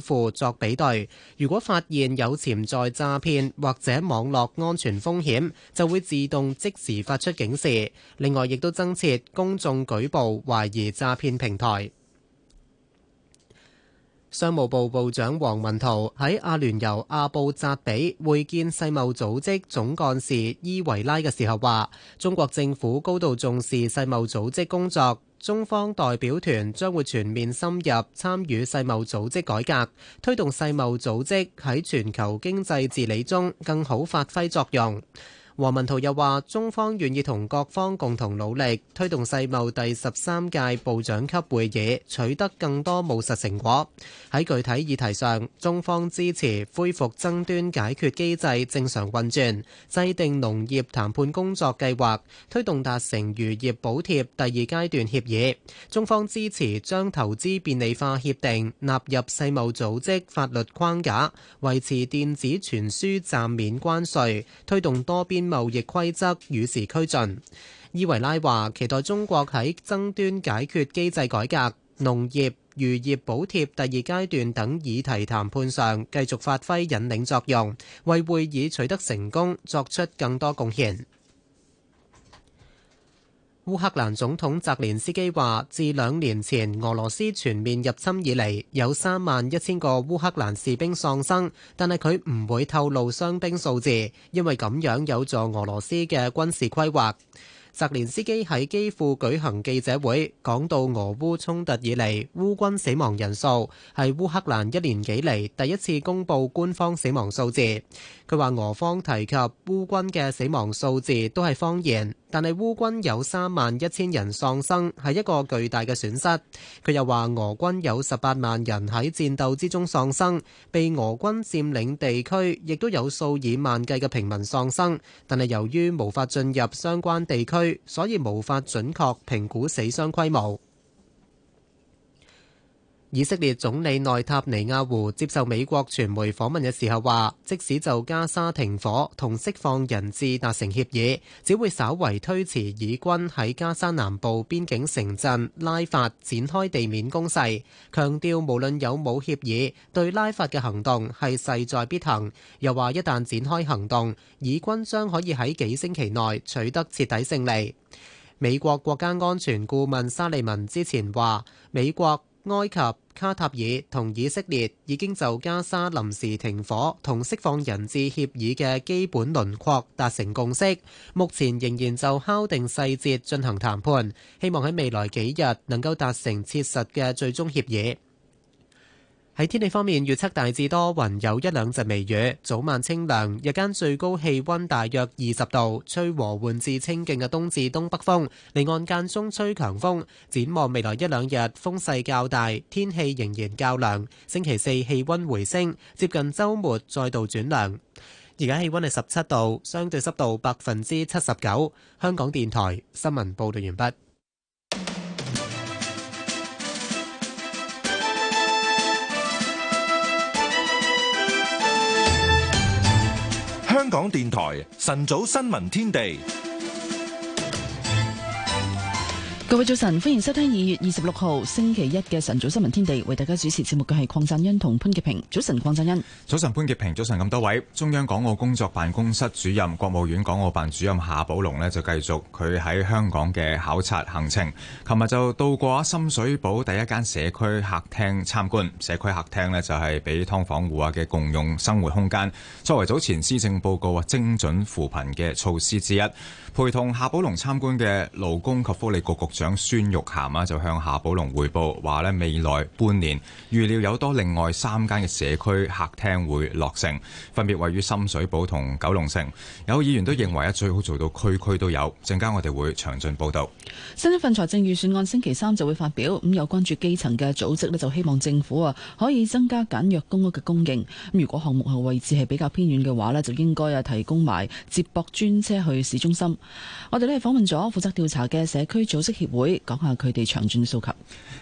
賬戶作比對，如果發現有潛在詐騙或者網絡安全風險，就會自動即時發出警示。另外，亦都增設公眾舉報懷疑詐騙平台。商務部部長王文濤喺阿聯酋阿布扎比會見世貿組織總幹事伊維拉嘅時候話，中國政府高度重視世貿組織工作。中方代表團將會全面深入參與世貿組織改革，推動世貿組織喺全球經濟治理中更好發揮作用。王文濤又話中方願意同各方共同努力，推動世貿第十三屆部長級會議取得更多務實成果。喺具體議題上，中方支持恢復爭端解決機制正常運轉，制定農業談判工作計劃，推動達成漁業補貼第二階段協議。中方支持將投資便利化協定納入世貿組織法律框架，維持電子傳輸暫免關稅，推動多邊。貿易規則與時俱進，伊維拉話：期待中國喺爭端解決機制改革、農業、漁業補貼第二階段等議題談判上繼續發揮引領作用，為會議取得成功作出更多貢獻。烏克蘭總統澤連斯基話，自兩年前俄羅斯全面入侵以嚟，有三萬一千個烏克蘭士兵喪生，但係佢唔會透露傷兵數字，因為咁樣有助俄羅斯嘅軍事規劃。澤連斯基喺基輔舉行記者會，講到俄烏衝突以嚟，烏軍死亡人數係烏克蘭一年幾嚟第一次公布官方死亡數字。佢話俄方提及烏軍嘅死亡數字都係謊言，但係烏軍有三萬一千人喪生，係一個巨大嘅損失。佢又話俄軍有十八萬人喺戰鬥之中喪生，被俄軍佔領地區亦都有數以萬計嘅平民喪生，但係由於無法進入相關地區，所以無法準確評估死傷規模。以色列總理內塔尼亞胡接受美國傳媒訪問嘅時候話，即使就加沙停火同釋放人質達成協議，只會稍為推遲以軍喺加沙南部邊境城鎮拉法展開地面攻勢。強調無論有冇協議，對拉法嘅行動係勢在必行。又話一旦展開行動，以軍將可以喺幾星期內取得徹底勝利。美國國家安全顧問沙利文之前話，美國。埃及、卡塔爾同以色列已經就加沙臨時停火同釋放人質協議嘅基本輪廓達成共識，目前仍然就敲定細節進行談判，希望喺未來幾日能夠達成切實嘅最終協議。喺天氣方面，預測大致多雲，有一兩陣微雨，早晚清涼，日間最高氣温大約二十度，吹和緩至清勁嘅東至東北風，離岸間中吹強風。展望未來一兩日風勢較大，天氣仍然較涼。星期四氣温回升，接近周末再度轉涼。而家氣温係十七度，相對濕度百分之七十九。香港電台新聞報道完畢。香港電台晨早新聞天地。各位早晨，歡迎收聽二月二十六號星期一嘅晨早新聞天地，為大家主持節目嘅係鄺振欣同潘潔平。早晨，鄺振欣。早晨，潘潔平。早晨，咁多位，中央港澳工作辦公室主任、國務院港澳辦主任夏寶龍咧就繼續佢喺香港嘅考察行程。琴日就到過深水埗第一間社區客廳參觀，社區客廳咧就係俾劏房戶啊嘅共用生活空間，作為早前施政報告啊精準扶貧嘅措施之一。陪同夏寶龍參觀嘅勞工及福利局局長孫玉菡啊，就向夏寶龍匯報話咧，未來半年預料有多另外三間嘅社區客廳會落成，分別位於深水埗同九龍城。有議員都認為啊，最好做到區區都有。陣間我哋會詳盡報導。新一份財政預算案星期三就會發表。咁有關注基層嘅組織咧，就希望政府啊可以增加簡約公屋嘅供應。咁如果項目嘅位置係比較偏遠嘅話咧，就應該啊提供埋接駁專車去市中心。我哋呢，訪問咗負責調查嘅社區組織協會，講下佢哋長轉嘅訴求。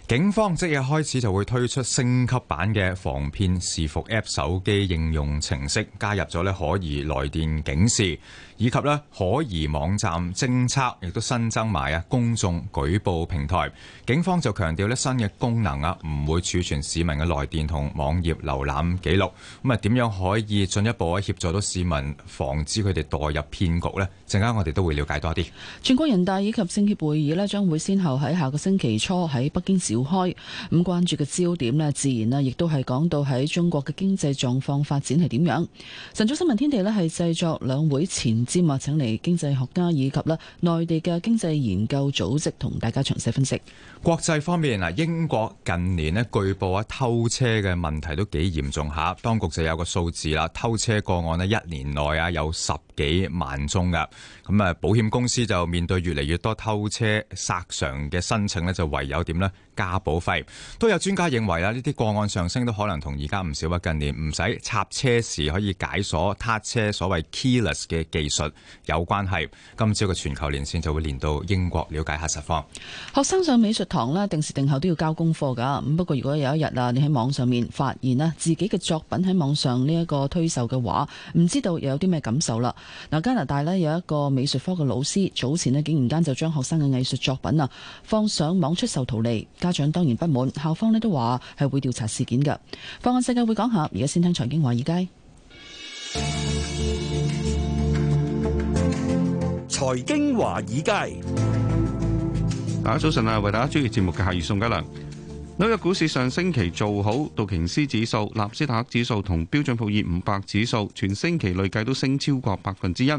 警方即日開始就會推出升級版嘅防騙視伏 App 手機應用程式，加入咗咧可疑來電警示，以及咧可疑網站偵測，亦都新增埋啊公眾舉報平台。警方就強調咧新嘅功能啊，唔會儲存市民嘅來電同網頁瀏覽記錄。咁啊，點樣可以進一步協助到市民防止佢哋墮入騙局咧？陣間我哋都會了解多啲。全國人大以及政協會議咧將會先後喺下個星期初喺北京市。召開，咁關注嘅焦點咧，自然咧亦都係講到喺中國嘅經濟狀況發展係點樣。晨早新聞天地咧係製作兩會前瞻啊，請嚟經濟學家以及啦內地嘅經濟研究組織同大家詳細分析。國際方面啊，英國近年咧據報啊偷車嘅問題都幾嚴重吓，當局就有個數字啦，偷車個案咧一年內啊有十幾萬宗噶，咁啊保險公司就面對越嚟越多偷車索償嘅申請咧，就唯有點呢？加保費，都有專家認為啊，呢啲個案上升都可能同而家唔少啊近年唔使插車時可以解鎖撻車所謂 keyless 嘅技術有關係。今朝嘅全球連線就會連到英國，了解下實況。學生上美術堂呢，定時定候都要交功課噶。咁不過如果有一日啊，你喺網上面發現咧，自己嘅作品喺網上呢一個推售嘅話，唔知道又有啲咩感受啦。嗱，加拿大呢，有一個美術科嘅老師，早前呢竟然間就將學生嘅藝術作品啊放上網出售圖利。家長當然不滿，校方咧都話係會調查事件嘅。《放眼世界》會講下，而家先聽財經華爾街。財經華爾街，大家早晨啊！為大家專業節目嘅係宋嘉良。紐約股市上星期做好，道瓊斯指數、納斯達克指數同標準普爾五百指數，全星期累計都升超過百分之一。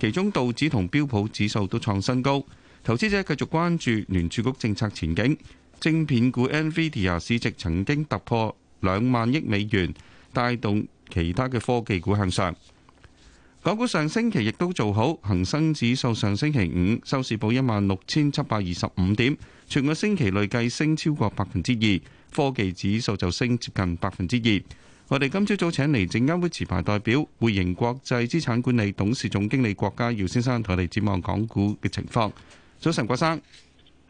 其中道指同標普指數都創新高。投資者繼續關注聯儲局政策前景。晶片股 NVIDIA 市值曾經突破兩萬億美元，帶動其他嘅科技股向上。港股上星期亦都做好，恒生指數上星期五收市報一萬六千七百二十五點，全個星期累計升超過百分之二，科技指數就升接近百分之二。我哋今朝早請嚟證監會持牌代表匯盈國際資產管理董事總經理郭家耀先生同我哋展望港股嘅情況。早晨，郭生。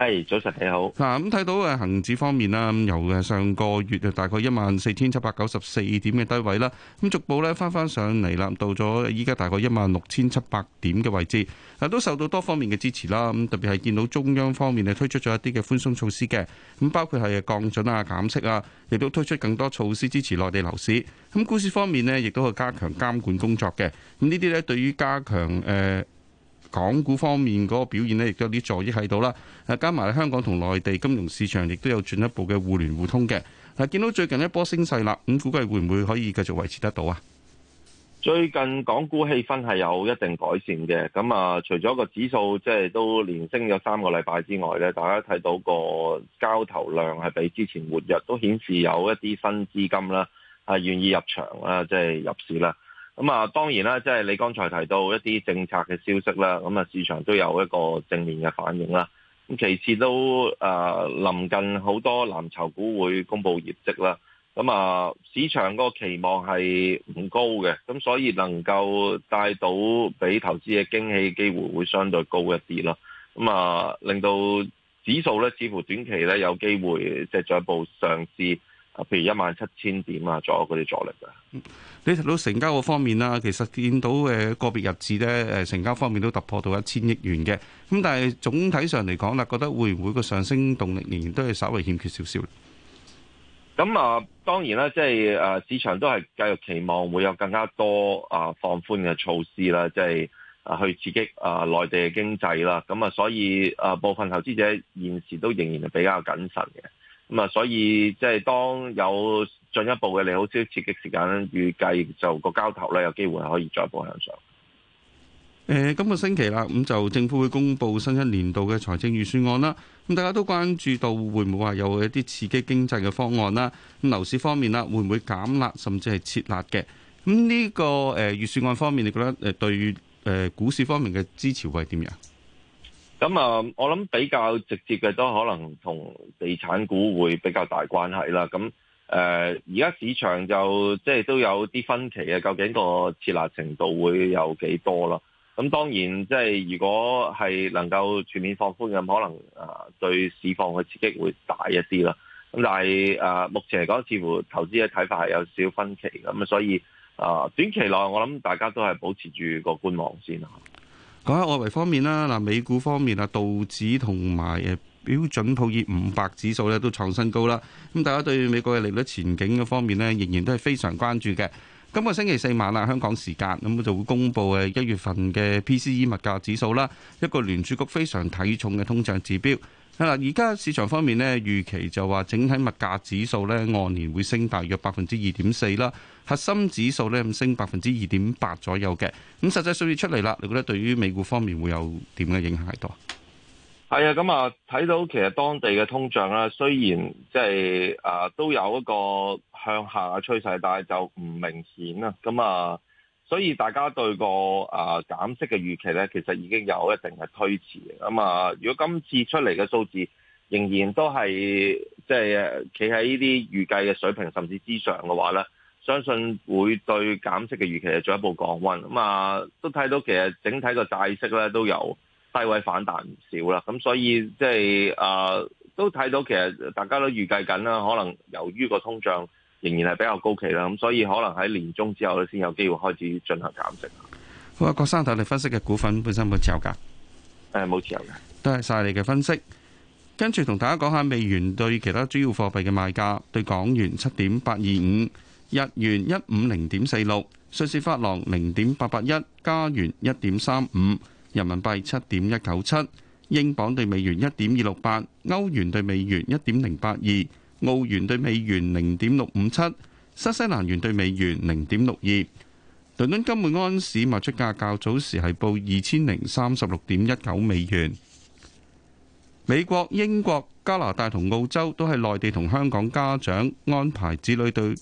係，早晨，你好。嗱，咁睇到誒恆指方面啦，由誒上個月誒大概一萬四千七百九十四點嘅低位啦，咁逐步咧翻翻上嚟啦，到咗依家大概一萬六千七百點嘅位置。啊，都受到多方面嘅支持啦。咁特別係見到中央方面誒推出咗一啲嘅寬鬆措施嘅，咁包括係降準啊、減息啊，亦都推出更多措施支持內地樓市。咁股市方面呢，亦都係加強監管工作嘅。咁呢啲咧，對於加強誒。港股方面嗰個表現呢，亦都有啲助益喺度啦。誒，加埋香港同內地金融市場，亦都有進一步嘅互聯互通嘅。誒，見到最近一波升勢啦，咁估計會唔會可以繼續維持得到啊？最近港股氣氛係有一定改善嘅，咁啊，除咗個指數即係都連升咗三個禮拜之外呢，大家睇到個交投量係比之前活躍，都顯示有一啲新資金啦係願意入場啦，即係入市啦。咁啊，當然啦，即係你剛才提到一啲政策嘅消息啦，咁啊市場都有一個正面嘅反應啦。咁其次都誒臨近好多藍籌股會公布業績啦，咁啊市場個期望係唔高嘅，咁所以能夠帶到俾投資嘅驚喜機會會相對高一啲啦。咁啊令到指數咧，似乎短期咧有機會即係進一步上試。啊，譬如一萬七千點啊，左右嗰啲阻力啊。你提到成交嗰方面啦，其實見到誒個別日子咧，誒成交方面都突破到一千億元嘅。咁但係總體上嚟講啦，覺得會唔會個上升動力仍然都係稍微欠缺少少。咁啊，當然啦，即係誒市場都係繼續期望會有更加多啊放寬嘅措施啦，即係啊去刺激啊內地嘅經濟啦。咁啊，所以啊部分投資者現時都仍然係比較謹慎嘅。咁啊，所以即係當有進一步嘅利好消息刺激時間，預計就個交投咧有機會可以再一步向上。誒、呃，今個星期啦，咁就政府會公布新一年度嘅財政預算案啦。咁大家都關注到會唔會話有一啲刺激經濟嘅方案啦。咁樓市方面啦，會唔會減辣甚至係撤辣嘅？咁呢、這個誒、呃、預算案方面，你覺得誒對誒、呃、股市方面嘅支持會係點樣？咁啊，我諗比較直接嘅都可能同地產股會比較大關係啦。咁誒，而、呃、家市場就即係都有啲分歧啊，究竟個刺激程度會有幾多啦？咁當然，即係如果係能夠全面放寬，可能啊、呃、對市況嘅刺激會大一啲啦。咁但係啊、呃，目前嚟講，似乎投資嘅睇法係有少分歧咁，所以啊、呃，短期內我諗大家都係保持住個觀望先啊。講下外圍方面啦，嗱，美股方面啊，道指同埋誒標準普爾五百指數咧都創新高啦。咁大家對美國嘅利率前景嘅方面呢，仍然都係非常關注嘅。今個星期四晚啊，香港時間咁就會公布誒一月份嘅 PCE 物價指數啦，一個聯儲局非常睇重嘅通脹指標。嗱，而家市場方面咧，預期就話整體物價指數咧按年會升大約百分之二點四啦，核心指數咧咁升百分之二點八左右嘅，咁實際數字出嚟啦，你覺得對於美股方面會有點嘅影響係多？係啊，咁啊，睇到其實當地嘅通脹咧，雖然即係啊，都有一個向下嘅趨勢，但係就唔明顯啊，咁啊。呃所以大家對個啊減息嘅預期咧，其實已經有一定嘅推遲咁啊，如果今次出嚟嘅數字仍然都係即係企喺呢啲預計嘅水平甚至之上嘅話咧，相信會對減息嘅預期係進一步降溫。咁啊，都睇到其實整體個債息咧都有低位反彈唔少啦。咁所以即係都睇到其實大家都預計緊啦，可能由於個通脹。仍然係比較高企啦，咁所以可能喺年終之後咧，先有機會開始進行減息。好啊，郭生，睇你分析嘅股份本身冇持有噶，誒冇持有嘅。多謝晒你嘅分析，跟住同大家講下美元對其他主要貨幣嘅賣價，對港元七點八二五，日元一五零點四六，瑞士法郎零點八八一，加元一點三五，人民幣七點一九七，英鎊對美元一點二六八，歐元對美元一點零八二。澳元兌美元零點六五七，新西蘭元兌美元零點六二。倫敦金每安士賣出價較早時係報二千零三十六點一九美元。美國、英國、加拿大同澳洲都係內地同香港家長安排子女對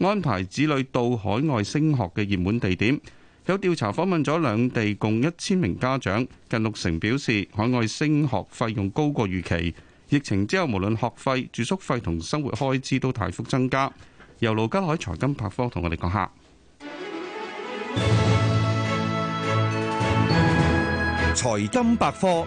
安排子女到海外升學嘅熱門地點。有調查訪問咗兩地共一千名家長，近六成表示海外升學費用高過預期。疫情之後，無論學費、住宿費同生活開支都大幅增加。由盧家海財金百科同我哋講下財金百科。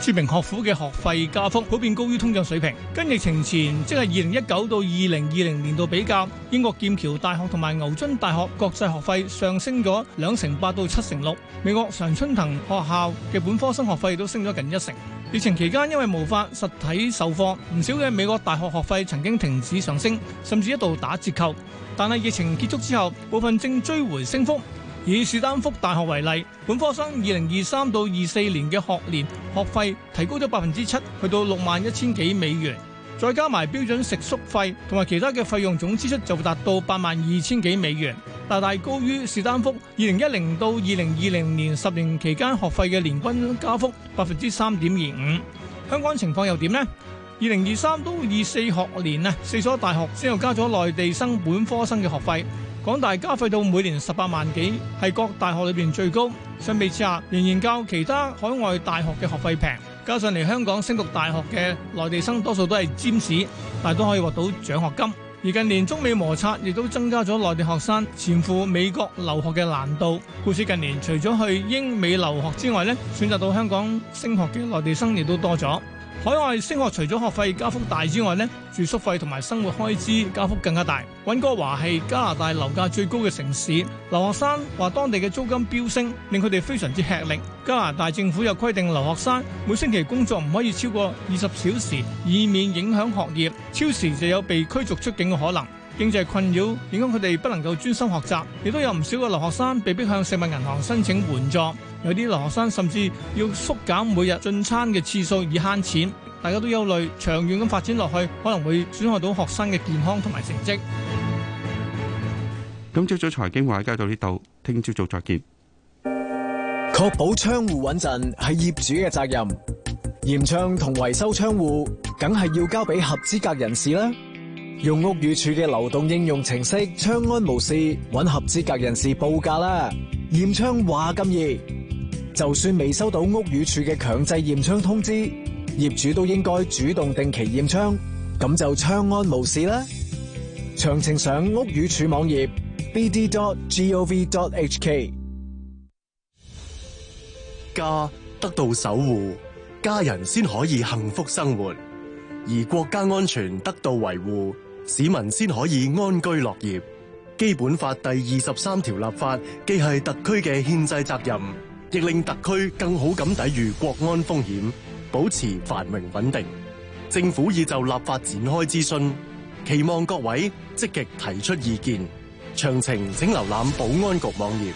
著名學府嘅學費加幅普遍高於通脹水平，跟疫情前即係二零一九到二零二零年度比較，英國劍橋大學同埋牛津大學國際學費上升咗兩成八到七成六，美國常春藤學校嘅本科生學費都升咗近一成。疫情期間因為無法實體授課，唔少嘅美國大學學費曾經停止上升，甚至一度打折扣，但係疫情結束之後，部分正追回升幅。以史丹福大學為例，本科生二零二三到二四年嘅學年學費提高咗百分之七，去到六萬一千幾美元，再加埋標準食宿費同埋其他嘅費用總支出就達到八萬二千幾美元，大大高於史丹福二零一零到二零二零年十年期間學費嘅年均加幅百分之三點二五。香港情況又點呢？二零二三到二四學年啊，四所大學先又加咗內地生本科生嘅學費。港大加費到每年十八萬幾，係各大學裏邊最高。相比之下，仍然較其他海外大學嘅學費平。加上嚟香港升讀大學嘅內地生，多數都係尖子，大都可以獲到獎學金。而近年中美摩擦，亦都增加咗內地學生前赴美國留學嘅難度。故此，近年除咗去英美留學之外，呢，選擇到香港升學嘅內地生亦都多咗。海外升學除咗學費加幅大之外，咧住宿費同埋生活開支加幅更加大。溫哥華係加拿大樓價最高嘅城市，留學生話當地嘅租金飆升，令佢哋非常之吃力。加拿大政府又規定留學生每星期工作唔可以超過二十小時，以免影響學業，超時就有被驅逐出境嘅可能。經濟困擾影響佢哋不能夠專心學習，亦都有唔少嘅留學生被逼向食物銀行申請援助。有啲留學生甚至要縮減每日進餐嘅次數以慳錢，大家都憂慮長遠咁發展落去，可能會損害到學生嘅健康同埋成績。今朝早財經話解到呢度，聽朝早再見。確保窗戶穩陣係業主嘅責任，驗窗同維修窗戶梗係要交俾合資格人士啦。用屋宇署嘅流動應用程式「窗安無事」揾合資格人士報價啦。驗窗話咁易。就算未收到屋宇署嘅強制驗窗通知，業主都應該主動定期驗窗，咁就相安無事啦。詳情上屋宇署網頁 bd.gov.hk。家得到守護，家人先可以幸福生活；而國家安全得到維護，市民先可以安居樂業。基本法第二十三條立法既係特區嘅憲制責任。亦令特區更好咁抵禦國安風險，保持繁榮穩定。政府已就立法展開諮詢，期望各位積極提出意見。詳情請瀏覽保安局網頁。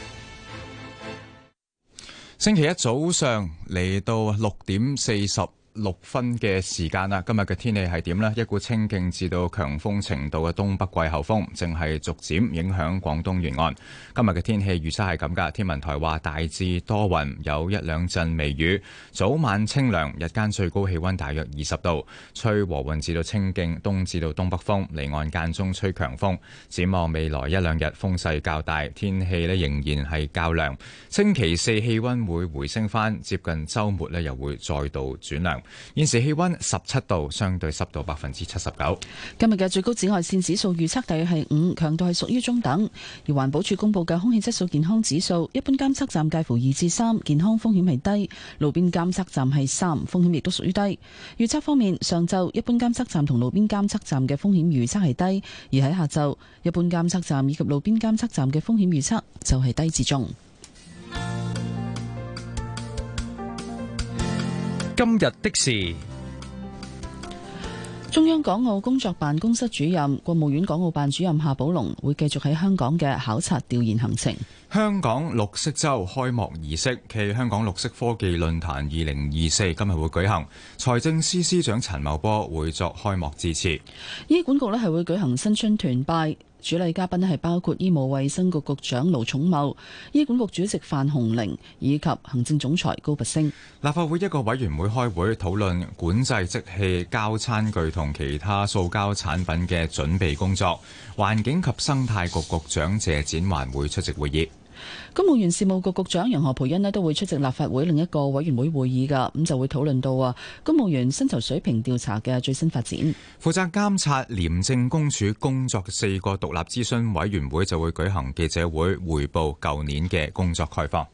星期一早上嚟到六點四十。六分嘅時間啦，今日嘅天氣係點咧？一股清勁至到強風程度嘅東北季候風正係逐漸影響廣東沿岸。今日嘅天氣預測係咁噶，天文台話大致多雲，有一兩陣微雨，早晚清涼，日間最高氣温大約二十度，吹和緩至到清勁，東至到東北風，離岸間中吹強風。展望未來一兩日風勢較大，天氣咧仍然係較涼。星期四氣温會回升翻，接近周末咧又會再度轉涼。現時氣温十七度，相對濕度百分之七十九。今日嘅最高紫外線指數預測大約係五，強度係屬於中等。而環保署公布嘅空氣質素健康指數，一般監測站介乎二至三，健康風險係低；路邊監測站係三，風險亦都屬於低。預測方面，上晝一般監測站同路邊監測站嘅風險預測係低，而喺下晝一般監測站以及路邊監測站嘅風險預測就係低至中。今日的事，中央港澳工作辦公室主任、國務院港澳辦主任夏寶龍會繼續喺香港嘅考察調研行程。香港綠色周開幕儀式暨香港綠色科技論壇二零二四今日會舉行，財政司司長陳茂波會作開幕致辭。醫管局咧係會舉行新春團拜。主禮嘉賓咧係包括醫務衛生局局長盧寵茂、醫管局主席范鴻齡以及行政總裁高拔陞。立法會一個委員會開會討論管制即棄膠餐具同其他塑膠產品嘅準備工作，環境及生態局局長謝展寰會出席會議。公務員事務局局長楊何蓓茗呢，都會出席立法會另一個委員會會議噶，咁就會討論到啊公務員薪酬水平調查嘅最新發展。負責監察廉政公署工作四個獨立諮詢委員會就會舉行記者會，匯報舊年嘅工作概況。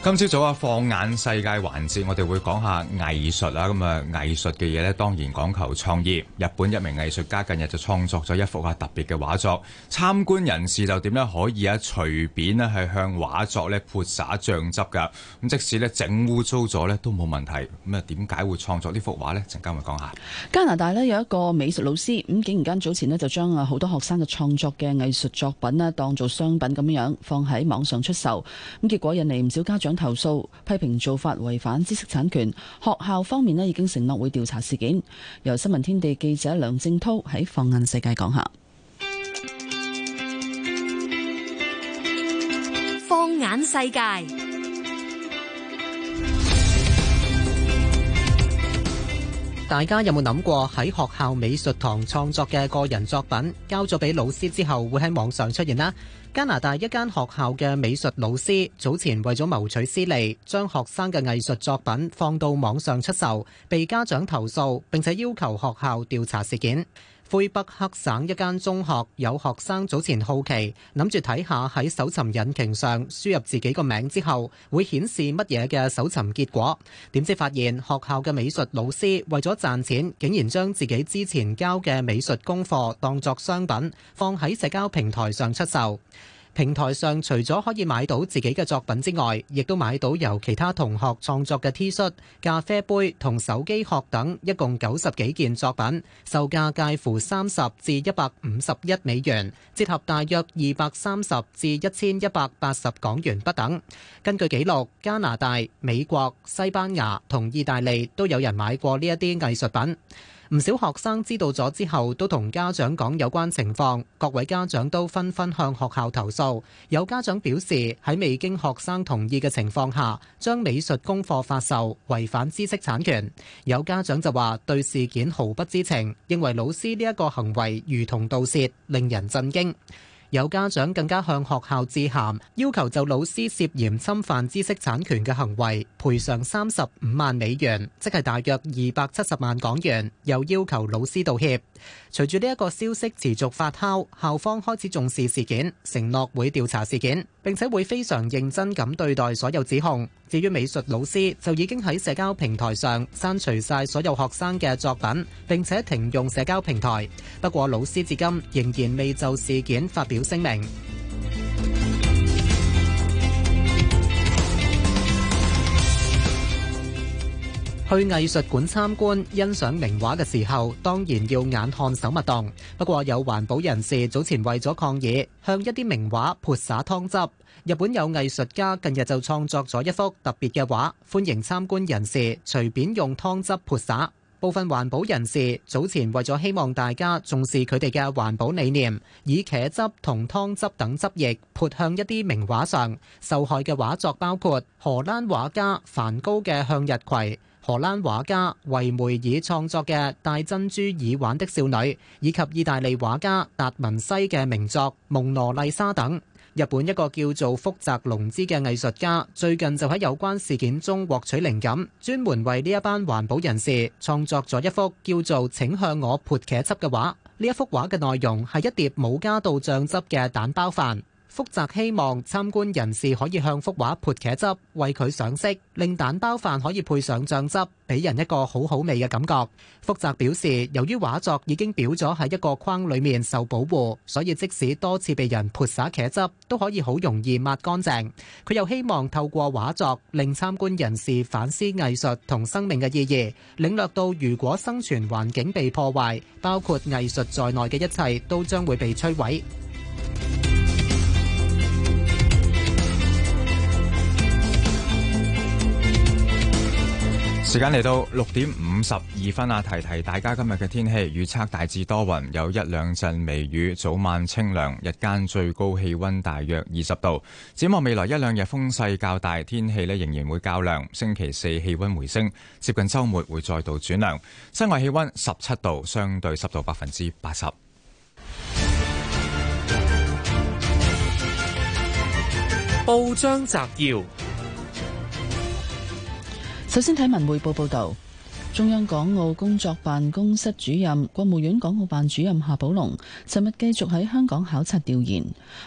今朝早啊，放眼世界環節，我哋會講下藝術啦。咁啊，藝術嘅嘢咧，當然講求創意。日本一名藝術家近日就創作咗一幅啊特別嘅畫作，參觀人士就點樣可以啊隨便咧係向畫作咧潑灑醬汁噶。咁即使咧整污糟咗咧都冇問題。咁啊，點解會創作呢幅畫咧？陣間會講下。加拿大咧有一個美術老師，咁竟然間早前咧就將啊好多學生嘅創作嘅藝術作品咧當做商品咁樣樣放喺網上出售，咁結果引嚟唔少家長。想投訴，批評做法違反知識產權。學校方面呢，已經承諾會調查事件。由新聞天地記者梁正濤喺放眼世界講下。放眼世界，大家有冇諗過喺學校美術堂創作嘅個人作品，交咗俾老師之後，會喺網上出現啦？加拿大一間學校嘅美術老師早前為咗謀取私利，將學生嘅藝術作品放到網上出售，被家長投訴，並且要求學校調查事件。魁北克省一間中學有學生早前好奇，諗住睇下喺搜尋引擎上輸入自己個名之後會顯示乜嘢嘅搜尋結果。點知發現學校嘅美術老師為咗賺錢，竟然將自己之前交嘅美術功課當作商品，放喺社交平台上出售。平台上除咗可以買到自己嘅作品之外，亦都買到由其他同學創作嘅 T 恤、咖啡杯同手機殼等，一共九十幾件作品，售價介乎三十至一百五十一美元，折合大約二百三十至一千一百八十港元不等。根據紀錄，加拿大、美國、西班牙同意大利都有人買過呢一啲藝術品。唔少學生知道咗之後，都同家長講有關情況。各位家長都紛紛向學校投訴。有家長表示喺未經學生同意嘅情況下，將美術功課發售，違反知識產權。有家長就話對事件毫不知情，認為老師呢一個行為如同盜竊，令人震驚。有家長更加向學校致函，要求就老師涉嫌侵犯知識產權嘅行為賠償三十五萬美元，即係大約二百七十萬港元，又要求老師道歉。隨住呢一個消息持續發酵，校方開始重視事件，承諾會調查事件，並且會非常認真咁對待所有指控。至於美術老師，就已經喺社交平台上刪除晒所有學生嘅作品，並且停用社交平台。不過老師至今仍然未就事件發表聲明。去藝術館參觀欣賞名畫嘅時候，當然要眼看手勿動。不過，有環保人士早前為咗抗議，向一啲名畫潑灑湯汁。日本有藝術家近日就創作咗一幅特別嘅畫，歡迎參觀人士隨便用湯汁潑灑。部分環保人士早前為咗希望大家重視佢哋嘅環保理念，以茄汁同湯汁等汁液潑向一啲名畫上。受害嘅畫作包括荷蘭畫家梵高嘅《向日葵》，荷蘭畫家維梅爾創作嘅戴珍珠耳環的少女，以及意大利畫家達文西嘅名作蒙羅麗莎等。日本一個叫做福澤龍之嘅藝術家，最近就喺有關事件中獲取靈感，專門為呢一班環保人士創作咗一幅叫做《請向我潑茄汁》嘅畫。呢一幅畫嘅內容係一碟冇加到醬汁嘅蛋包飯。福澤希望參觀人士可以向幅畫潑茄汁，為佢上色，令蛋包飯可以配上醬汁，俾人一個好好味嘅感覺。福澤表示，由於畫作已經裱咗喺一個框裏面受保護，所以即使多次被人潑灑茄汁，都可以好容易抹乾淨。佢又希望透過畫作令參觀人士反思藝術同生命嘅意義，領略到如果生存環境被破壞，包括藝術在內嘅一切都將會被摧毀。時間嚟到六點五十二分啊，提提大家今日嘅天氣預測大致多雲，有一兩陣微雨，早晚清涼，日間最高氣温大約二十度。展望未來一兩日風勢較大，天氣呢仍然會較涼。星期四氣温回升，接近周末會再度轉涼。室外氣温十七度，相對濕度百分之八十。報章摘要。首先睇文匯報報道，中央港澳工作辦公室主任、國務院港澳辦主任夏寶龍，尋日繼續喺香港考察調研。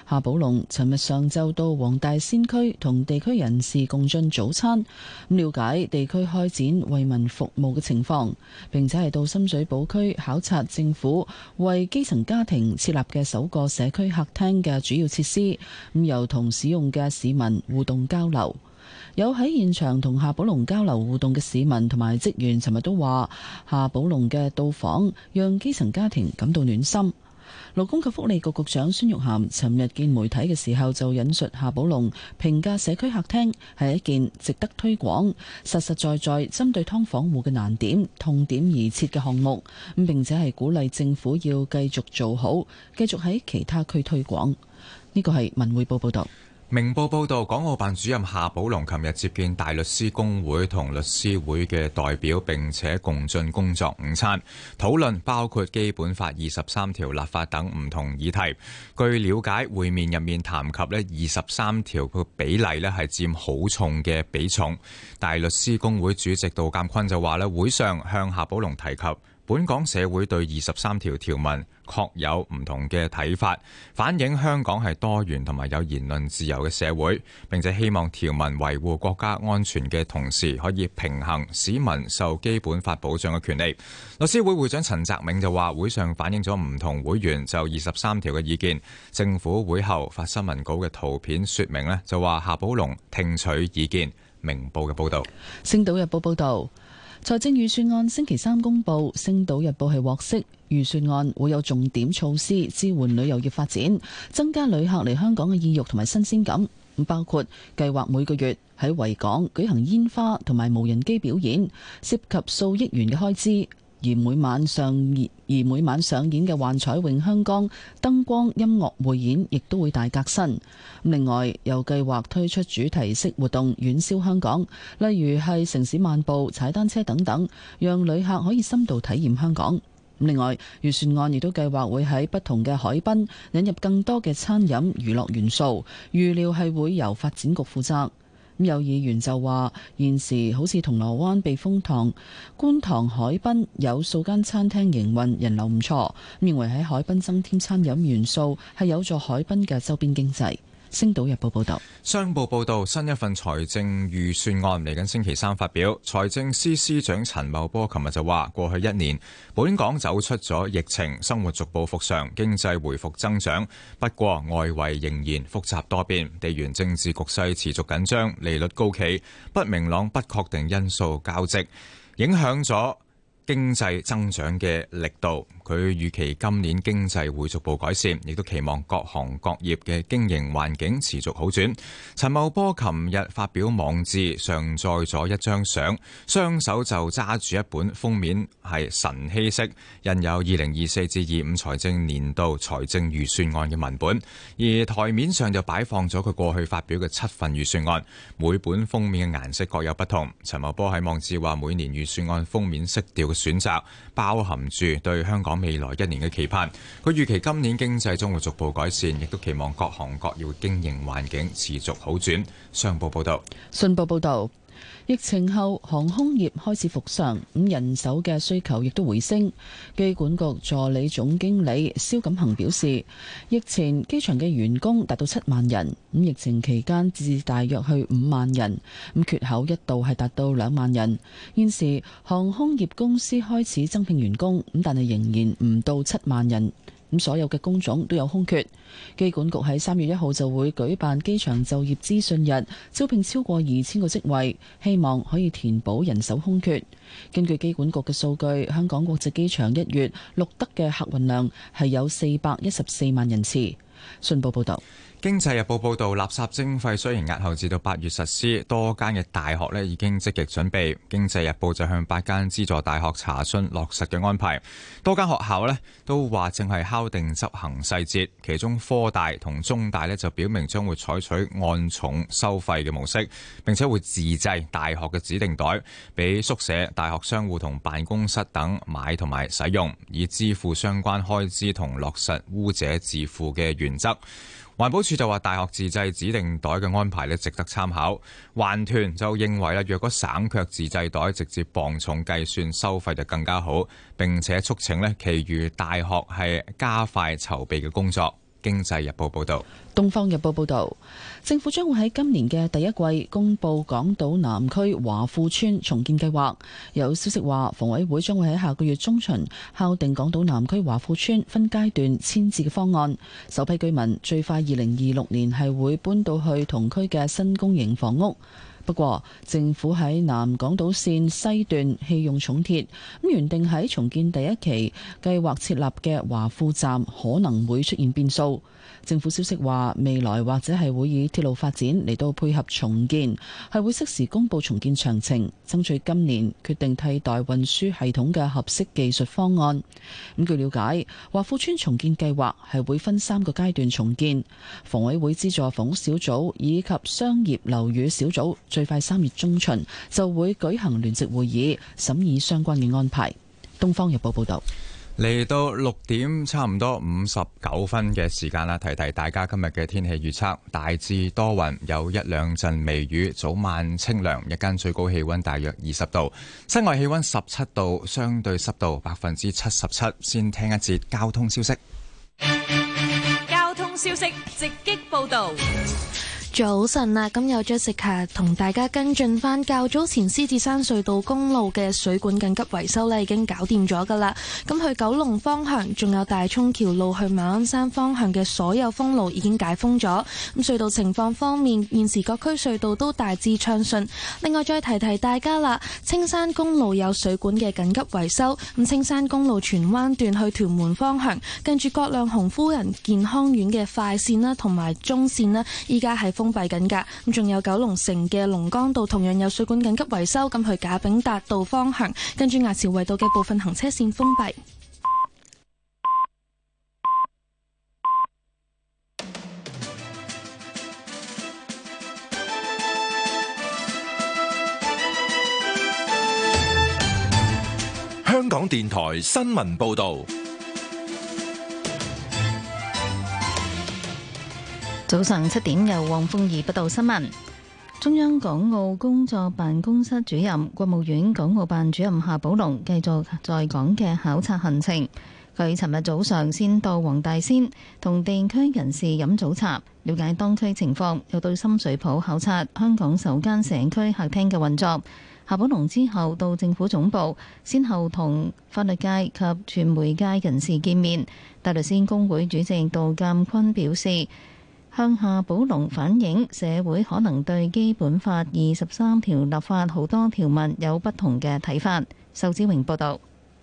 夏寶龍尋日上晝到黃大仙區同地區人士共進早餐，咁了解地區開展為民服務嘅情況，並且係到深水埗區考察政府為基層家庭設立嘅首個社區客廳嘅主要設施，咁又同使用嘅市民互動交流。有喺現場同夏寶龍交流互動嘅市民同埋職員，尋日都話夏寶龍嘅到訪讓基層家庭感到暖心。勞工及福利局局長孫玉菡尋日見媒體嘅時候就引述夏寶龍評價社區客廳係一件值得推廣、實實在在針對劏房戶嘅難點痛點而設嘅項目，並且係鼓勵政府要繼續做好，繼續喺其他區推廣。呢個係文匯報報導。明報報導，港澳辦主任夏寶龍琴日接見大律師公會同律師會嘅代表，並且共進工作午餐，討論包括基本法二十三條立法等唔同議題。據了解，會面入面談及呢二十三條嘅比例呢係佔好重嘅比重。大律師公會主席杜鑑坤就話呢會上向夏寶龍提及，本港社會對二十三條條文確有唔同嘅睇法，反映香港係多元同埋有言論自由嘅社會，並且希望條文維護國家安全嘅同時，可以平衡市民受基本法保障嘅權利。律師會會長陳澤銘就話，會上反映咗唔同會員就二十三條嘅意見。政府會後發新聞稿嘅圖片說明呢就話夏寶龍聽取意見。明報嘅報道，星島日報報道。財政預算案星期三公布，星島日報係獲悉，預算案會有重點措施支援旅遊業發展，增加旅客嚟香港嘅意慾同埋新鮮感。包括計劃每個月喺維港舉行煙花同埋無人機表演，涉及數億元嘅開支。而每晚上而每晚上演嘅幻彩詠香江燈光音樂匯演，亦都會大革新。另外，又計劃推出主題式活動遠銷香港，例如係城市漫步、踩單車等等，讓旅客可以深度體驗香港。另外，預算案亦都計劃會喺不同嘅海濱引入更多嘅餐飲娛樂元素，預料係會由發展局負責。有議員就話：現時好似銅鑼灣避風塘、觀塘海濱有數間餐廳營運，人流唔錯。咁認為喺海濱增添餐飲元素係有助海濱嘅周邊經濟。星島日報報道，商報報道，新一份財政預算案嚟緊星期三發表。財政司司長陳茂波琴日就話，過去一年，本港走出咗疫情，生活逐步復常，經濟回復增長。不過，外圍仍然複雜多變，地緣政治局勢持續緊張，利率高企，不明朗、不確定因素交織，影響咗經濟增長嘅力度。佢預期今年經濟會逐步改善，亦都期望各行各業嘅經營環境持續好轉。陳茂波琴日發表網誌，上載咗一張相，雙手就揸住一本封面係神氣色，印有二零二四至二五財政年度財政預算案嘅文本。而台面上就擺放咗佢過去發表嘅七份預算案，每本封面嘅顏色各有不同。陳茂波喺網誌話：每年預算案封面色調嘅選擇，包含住對香港未來一年嘅期盼，佢預期今年經濟將會逐步改善，亦都期望各行各業經營環境持續好轉。商報報道，信報報道。疫情後，航空業開始復常，咁人手嘅需求亦都回升。機管局助理總經理蕭錦恒表示，疫前機場嘅員工達到七萬人，咁疫情期間至大約去五萬人，咁缺口一度係達到兩萬人。現時航空業公司開始增聘員工，咁但係仍然唔到七萬人。咁所有嘅工種都有空缺，機管局喺三月一號就會舉辦機場就業資訊日，招聘超過二千個職位，希望可以填補人手空缺。根據機管局嘅數據，香港國際機場一月錄得嘅客運量係有四百一十四萬人次。信報報道。經濟日報報道，垃圾徵費雖然押後至到八月實施，多間嘅大學咧已經積極準備。經濟日報就向八間資助大學查詢落實嘅安排。多間學校咧都話正係敲定執行細節，其中科大同中大咧就表明將會採取按重收費嘅模式，並且會自製大學嘅指定袋，俾宿舍、大學商戶同辦公室等買同埋使用，以支付相關開支同落實污者自付嘅原則。環保署就話大學自製指定袋嘅安排呢，值得參考。環團就認為咧，若果省卻自製袋，直接磅重計算，收費就更加好，並且促請呢其餘大學係加快籌備嘅工作。經濟日報報道，東方日報報道，政府將會喺今年嘅第一季公布港島南區華富村重建計劃。有消息話，房委會將會喺下個月中旬敲定港島南區華富村分階段遷置嘅方案，首批居民最快二零二六年係會搬到去同區嘅新公營房屋。不過，政府喺南港島線西段棄用重鐵，原定喺重建第一期計劃設立嘅華富站可能會出現變數。政府消息話，未來或者係會以鐵路發展嚟到配合重建，係會適時公布重建詳情，爭取今年決定替代運輸系統嘅合適技術方案。咁、嗯、據了解，華富邨重建計劃係會分三個階段重建，房委會資助房屋小組以及商業樓宇小組，最快三月中旬就會舉行聯席會議審議相關嘅安排。《東方日報》報導。嚟到六點差唔多五十九分嘅時間啦，提提大家今日嘅天氣預測，大致多雲，有一兩陣微雨，早晚清涼，日間最高氣溫大約二十度，室外氣溫十七度，相對濕度百分之七十七。先聽一節交通消息。交通消息直擊報道。早晨啦，咁有 Jessica 同大家跟進翻較早前獅子山隧道公路嘅水管緊急維修呢，已經搞掂咗噶啦。咁去九龍方向，仲有大涌橋路去馬鞍山方向嘅所有封路已經解封咗。咁隧道情況方面，現時各區隧道都大致暢順。另外再提提大家啦，青山公路有水管嘅緊急維修。咁青山公路荃灣段去屯門方向，跟住葛量洪夫人健康院嘅快線啦，同埋中線啦，依家係。封閉緊噶，咁仲有九龍城嘅龍江道同樣有水管緊急維修，咁去賈炳達道方向，跟住衙前圍道嘅部分行車線封閉。香港電台新聞報道。早上七點由黃鳳儀報道新聞。中央港澳工作辦公室主任、國務院港澳辦主任夏寶龍繼續在港嘅考察行程。佢尋日早上先到黃大仙同地區人士飲早茶，了解當區情況，又到深水埗考察香港首間社區客廳嘅運作。夏寶龍之後到政府總部，先後同法律界及傳媒界人士見面。大律師公會主席杜鑑坤表示。向夏寶龍反映，社會可能對基本法二十三條立法好多條文有不同嘅睇法。仇志榮報道。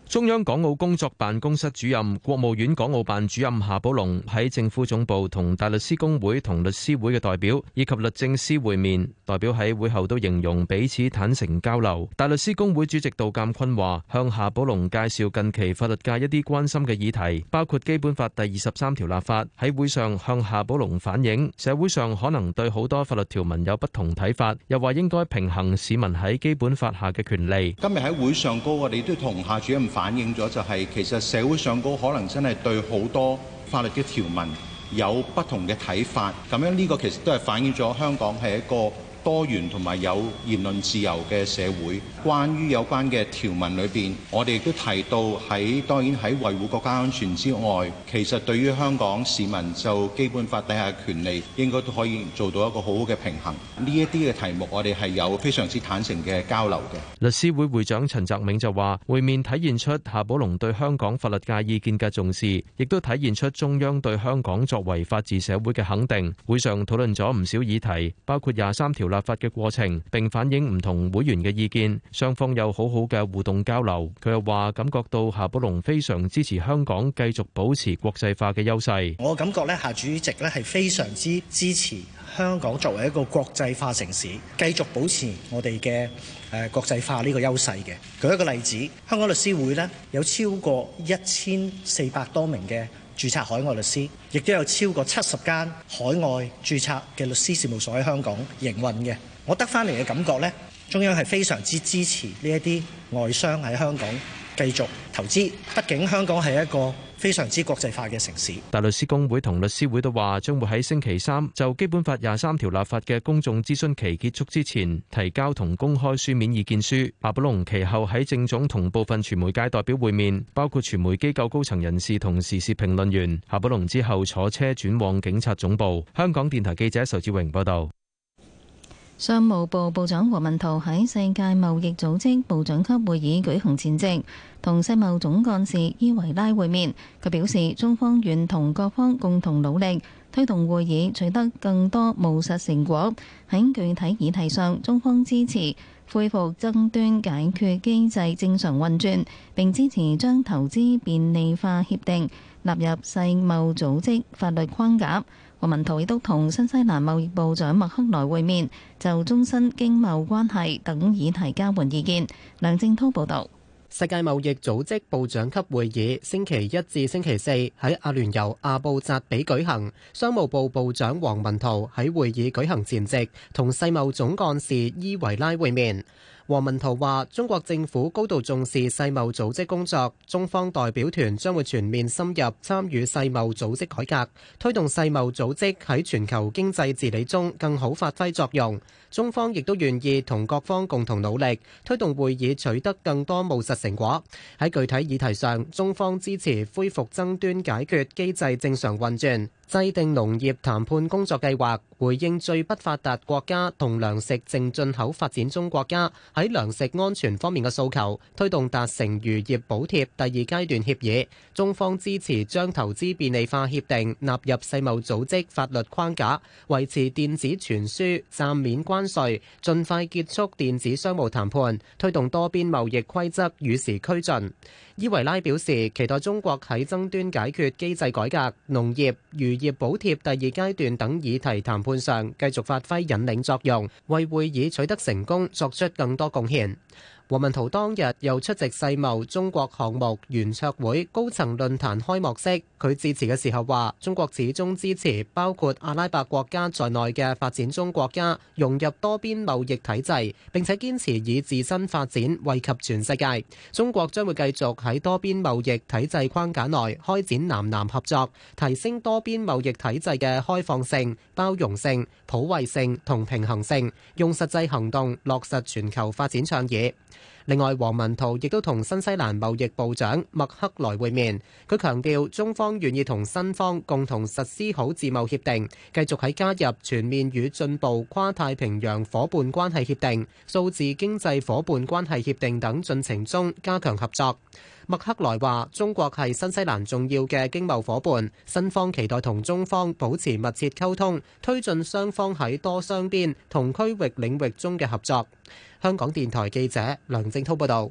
中央港澳工作辦公室主任、國務院港澳辦主任夏寶龍喺政府總部同大律師工會同律師會嘅代表以及律政司會面，代表喺會後都形容彼此坦誠交流。大律師工會主席杜鑒坤話，向夏寶龍介紹近期法律界一啲關心嘅議題，包括基本法第二十三條立法。喺會上向夏寶龍反映，社會上可能對好多法律條文有不同睇法，又話應該平衡市民喺基本法下嘅權利。今日喺會上高我哋都同夏主任。反映咗就係其實社會上高可能真係對好多法律嘅條文有不同嘅睇法，咁樣呢個其實都係反映咗香港係一個多元同埋有言論自由嘅社會，關於有關嘅條文裏邊，我哋亦都提到喺當然喺維護國家安全之外，其實對於香港市民就基本法底下嘅權利，應該都可以做到一個好好嘅平衡。呢一啲嘅題目，我哋係有非常之坦誠嘅交流嘅。律師會會長陳澤銘就話：會面體現出夏寶龍對香港法律界意見嘅重視，亦都體現出中央對香港作為法治社會嘅肯定。會上討論咗唔少議題，包括廿三條啦。立法嘅過程，並反映唔同會員嘅意見，雙方有好好嘅互動交流。佢又話，感覺到夏寶龍非常支持香港繼續保持國際化嘅優勢。我感覺咧，夏主席咧係非常之支持香港作為一個國際化城市，繼續保持我哋嘅誒國際化呢個優勢嘅。舉一個例子，香港律師會咧有超過一千四百多名嘅。註冊海外律師，亦都有超過七十間海外註冊嘅律師事務所喺香港營運嘅。我得返嚟嘅感覺呢，中央係非常之支持呢一啲外商喺香港繼續投資。畢竟香港係一個非常之國際化嘅城市。大律師公會同律師會都話將會喺星期三就基本法廿三條立法嘅公眾諮詢期結束之前提交同公開書面意見書。夏寶龍其後喺政總同部分傳媒界代表會面，包括傳媒機構高層人士同時事評論員。夏寶龍之後坐車轉往警察總部。香港電台記者仇志榮報道。商務部部長王文濤喺世界貿易組織部長級會議舉行前夕，同世貿總幹事伊維拉會面。佢表示，中方願同各方共同努力，推動會議取得更多務實成果。喺具體議題上，中方支持恢復爭端解決機制正常運轉，並支持將投資便利化協定納入世貿組織法律框架。王文濤亦都同新西蘭貿易部長麥克萊會面，就中新經貿關係等議題交換意見。梁正濤報道：世界貿易組織部長級會議星期一至星期四喺阿聯酋阿布扎比舉行，商務部部長王文濤喺會議舉行前夕同世貿總幹事伊維拉會面。王文濤話：中國政府高度重視世貿組織工作，中方代表團將會全面深入參與世貿組織改革，推動世貿組織喺全球經濟治理中更好發揮作用。中方亦都願意同各方共同努力，推動會議取得更多務實成果。喺具體議題上，中方支持恢復爭端解決機制正常運轉。制定農業談判工作計劃，回應最不發達國家同糧食淨進口發展中國家喺糧食安全方面嘅訴求，推動達成漁業補貼第二階段協議，中方支持將投資便利化協定納入世貿組織法律框架，維持電子傳輸暫免關稅，盡快結束電子商務談判，推動多邊貿易規則與時俱進。伊維拉表示，期待中國喺爭端解決機制改革、農業、漁業補貼第二階段等議題談判上，繼續發揮引領作用，為會議取得成功作出更多貢獻。王文濤當日又出席世貿中國項目圓桌會高層論壇開幕式，佢致辭嘅時候話：中國始終支持包括阿拉伯國家在內嘅發展中國家融入多邊貿易體制，並且堅持以自身發展惠及全世界。中國將會繼續喺多邊貿易體制框架內開展南南合作，提升多邊貿易體制嘅開放性、包容性、普惠性同平衡性，用實際行動落實全球發展倡議。另外，王文濤亦都同新西蘭貿易部長麥克萊會面。佢強調，中方願意同新方共同實施好自貿協定，繼續喺加入全面與進步跨太平洋伙伴關係協定、數字經濟伙伴關係協定等進程中加強合作。麥克萊話：中國係新西蘭重要嘅經貿伙伴，新方期待同中方保持密切溝通，推進雙方喺多雙邊同區域領域中嘅合作。香港電台記者梁正濤報道，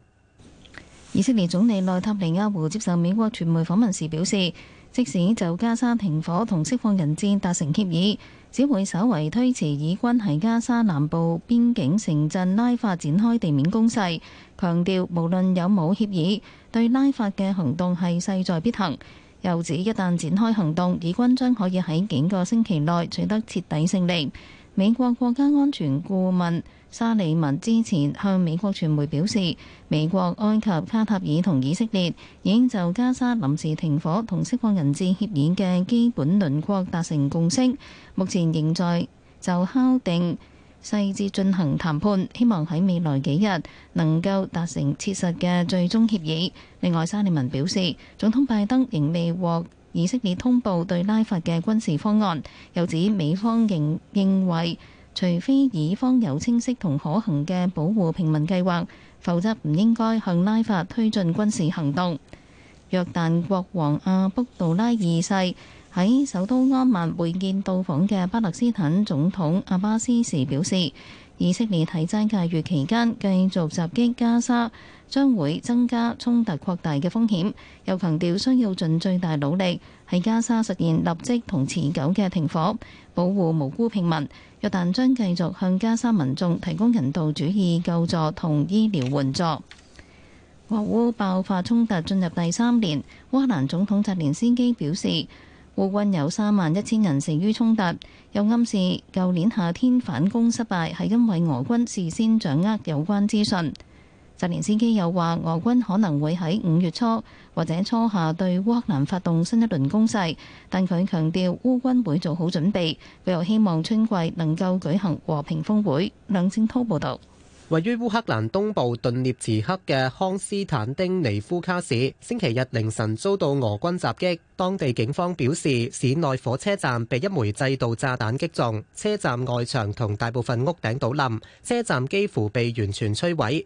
以色列總理內塔尼亞胡接受美國傳媒訪問時表示，即使就加沙停火同釋放人質達成協議，只會稍為推遲以軍喺加沙南部邊境城鎮拉法展開地面攻勢。強調，無論有冇協議，對拉法嘅行動係勢在必行。又指一旦展開行動，以軍將可以喺幾個星期內取得徹底勝利。美國國家安全顧問。沙利文之前向美國傳媒表示，美國、埃及、卡塔爾同以色列已經就加沙臨時停火同釋放人質協議嘅基本輪廓達成共識，目前仍在就敲定細節進行談判，希望喺未來幾日能夠達成切實嘅最終協議。另外，沙利文表示，總統拜登仍未獲以色列通報對拉法嘅軍事方案，又指美方仍認為。除非以方有清晰同可行嘅保護平民計劃，否則唔應該向拉法推進軍事行動。約旦國王阿卜杜拉二世喺首都安曼會見到訪嘅巴勒斯坦總統阿巴斯時表示，以色列喺齋戒月期間繼續襲擊加沙，將會增加衝突擴大嘅風險，又強調需要盡最大努力喺加沙實現立即同持久嘅停火，保護無辜平民。約旦將繼續向加沙民眾提供人道主義救助同醫療援助。俄烏爆發衝突進入第三年，烏克蘭總統澤連斯基表示，烏軍有三萬一千人死於衝突，又暗示舊年夏天反攻失敗係因為俄軍事先掌握有關資訊。澤連斯基又話，俄軍可能會喺五月初或者初夏對烏克蘭發動新一輪攻勢，但佢強調烏軍會做好準備。佢又希望春季能夠舉行和平峰會。梁正滔報導，位於烏克蘭東部頓涅茨克嘅康斯坦丁尼夫卡市，星期日凌晨遭到俄軍襲擊。當地警方表示，市內火車站被一枚製導炸彈擊中，車站外牆同大部分屋頂倒冧，車站幾乎被完全摧毀。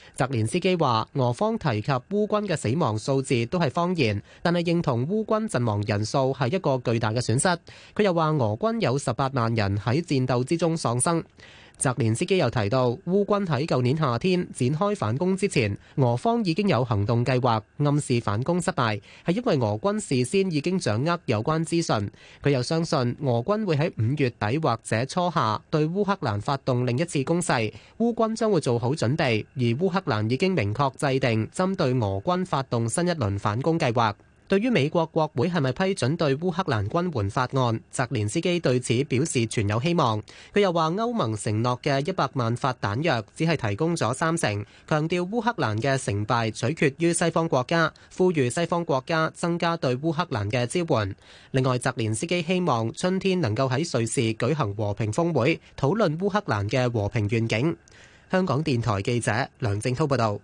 澤連斯基話，俄方提及烏軍嘅死亡數字都係謊言，但係認同烏軍陣亡人數係一個巨大嘅損失。佢又話，俄軍有十八萬人喺戰鬥之中喪生。澤連斯基又提到，烏軍喺舊年夏天展開反攻之前，俄方已經有行動計劃，暗示反攻失敗，係因為俄軍事先已經掌握有關資訊，佢又相信俄軍會喺五月底或者初夏對烏克蘭發動另一次攻勢，烏軍將會做好準備，而烏克蘭已經明確制定針對俄軍發動新一輪反攻計劃。對於美國國會係咪批准對烏克蘭軍援法案，澤連斯基對此表示存有希望。佢又話，歐盟承諾嘅一百萬發彈藥只係提供咗三成，強調烏克蘭嘅成敗取決於西方國家，呼籲西方國家增加對烏克蘭嘅支援。另外，澤連斯基希望春天能夠喺瑞士舉行和平峰會，討論烏克蘭嘅和平願景。香港電台記者梁正滔報導。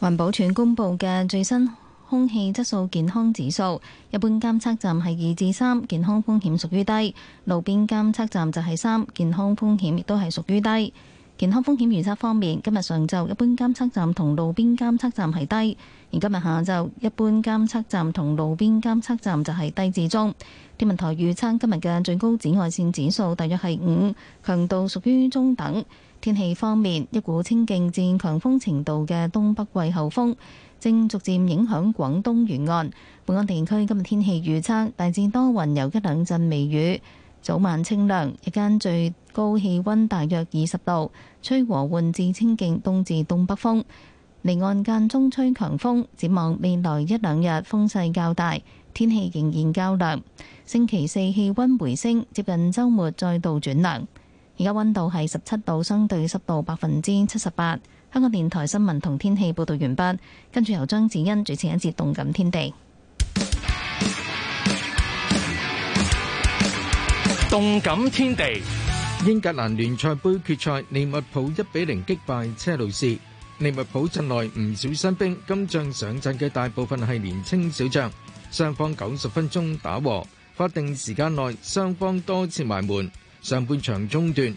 環保署公布嘅最新空氣質素健康指數，一般監測站係二至三，健康風險屬於低；路邊監測站就係三，健康風險亦都係屬於低。健康風險預測方面，今日上晝一般監測站同路邊監測站係低，而今日下晝一般監測站同路邊監測站就係低至中。天文台預測今日嘅最高紫外線指數大約係五，強度屬於中等。天氣方面，一股清勁至強風程度嘅東北季候風，正逐漸影響廣東沿岸，本港地區今日天氣預測大致多雲，有一兩陣微雨，早晚清涼，日間最高氣溫大約二十度，吹和緩至清勁東至東北風，離岸間中吹強風，展望未來一兩日風勢較大，天氣仍然較涼，星期四氣溫回升，接近周末再度轉涼，而家溫度係十七度，相對濕度百分之七十八。香港電台新聞同天氣報道完畢，跟住由張子欣主持一節《動感天地》。《動感天地》，英格蘭聯賽盃決賽，利物浦一比零擊敗車路士。利物浦陣內唔少新兵，今仗上陣嘅大部分係年輕小將。雙方九十分鐘打和，法定時間內雙方多次埋門，上半場中斷。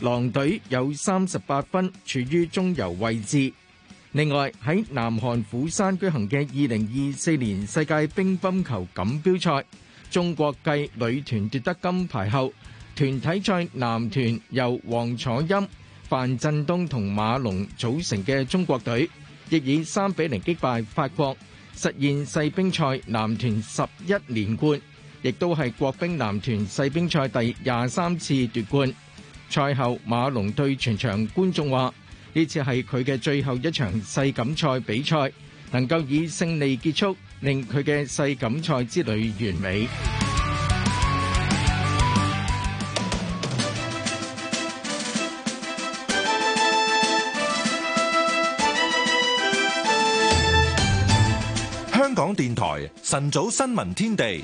狼隊有三十八分，處於中游位置。另外喺南韓釜山舉行嘅二零二四年世界乒乓球錦標賽，中國繼女團奪得金牌後，團體賽男團由王楚欽、樊振東同馬龍組成嘅中國隊，亦以三比零擊敗法國，實現世乒賽男團十一連冠，亦都係國乒男團世乒賽第廿三次奪冠。賽後，馬龍對全場觀眾話：呢次係佢嘅最後一場世錦賽比賽，能夠以勝利結束，令佢嘅世錦賽之旅完美。香港電台晨早新聞天地。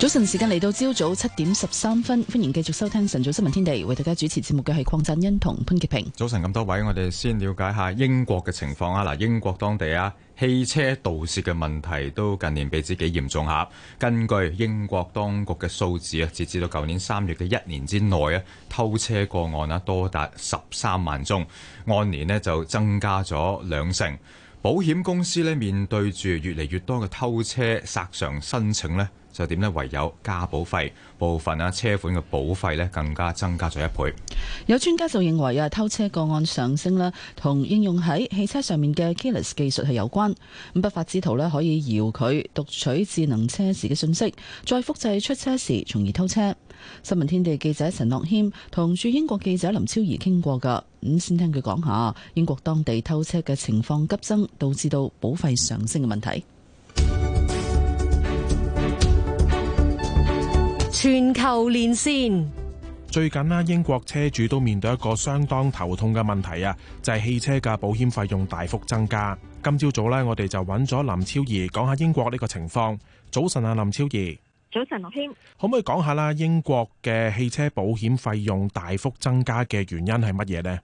早晨時間嚟到，朝早七點十三分，歡迎繼續收聽晨早新聞天地。為大家主持節目嘅係鄺振恩同潘潔平。早晨咁多位，我哋先了解一下英國嘅情況啊。嗱，英國當地啊，汽車盜竊嘅問題都近年被指幾嚴重吓。根據英國當局嘅數字啊，截至到舊年三月嘅一年之內啊，偷車個案啊多達十三萬宗，按年呢就增加咗兩成。保險公司呢，面對住越嚟越多嘅偷車索償申請呢。就點呢？唯有加保費，部分咧、啊、車款嘅保費咧更加增加咗一倍。有專家就認為啊，偷車個案上升咧，同應用喺汽車上面嘅 keyless 技術係有關。咁不法之徒咧可以遙距讀取智能車匙嘅信息，再複製出車匙，從而偷車。新聞天地記者陳樂謙同駐英國記者林超兒傾過㗎，咁先聽佢講下英國當地偷車嘅情況急增，導致到保費上升嘅問題。全球連線，最近英國車主都面對一個相當頭痛嘅問題啊，就係汽車嘅保險費用大幅增加。今朝早咧，我哋就揾咗林超儀講下英國呢個情況。早晨啊，林超儀。早晨，樂謙，可唔可以講下啦？英國嘅汽車保險費用大幅增加嘅原因係乜嘢呢？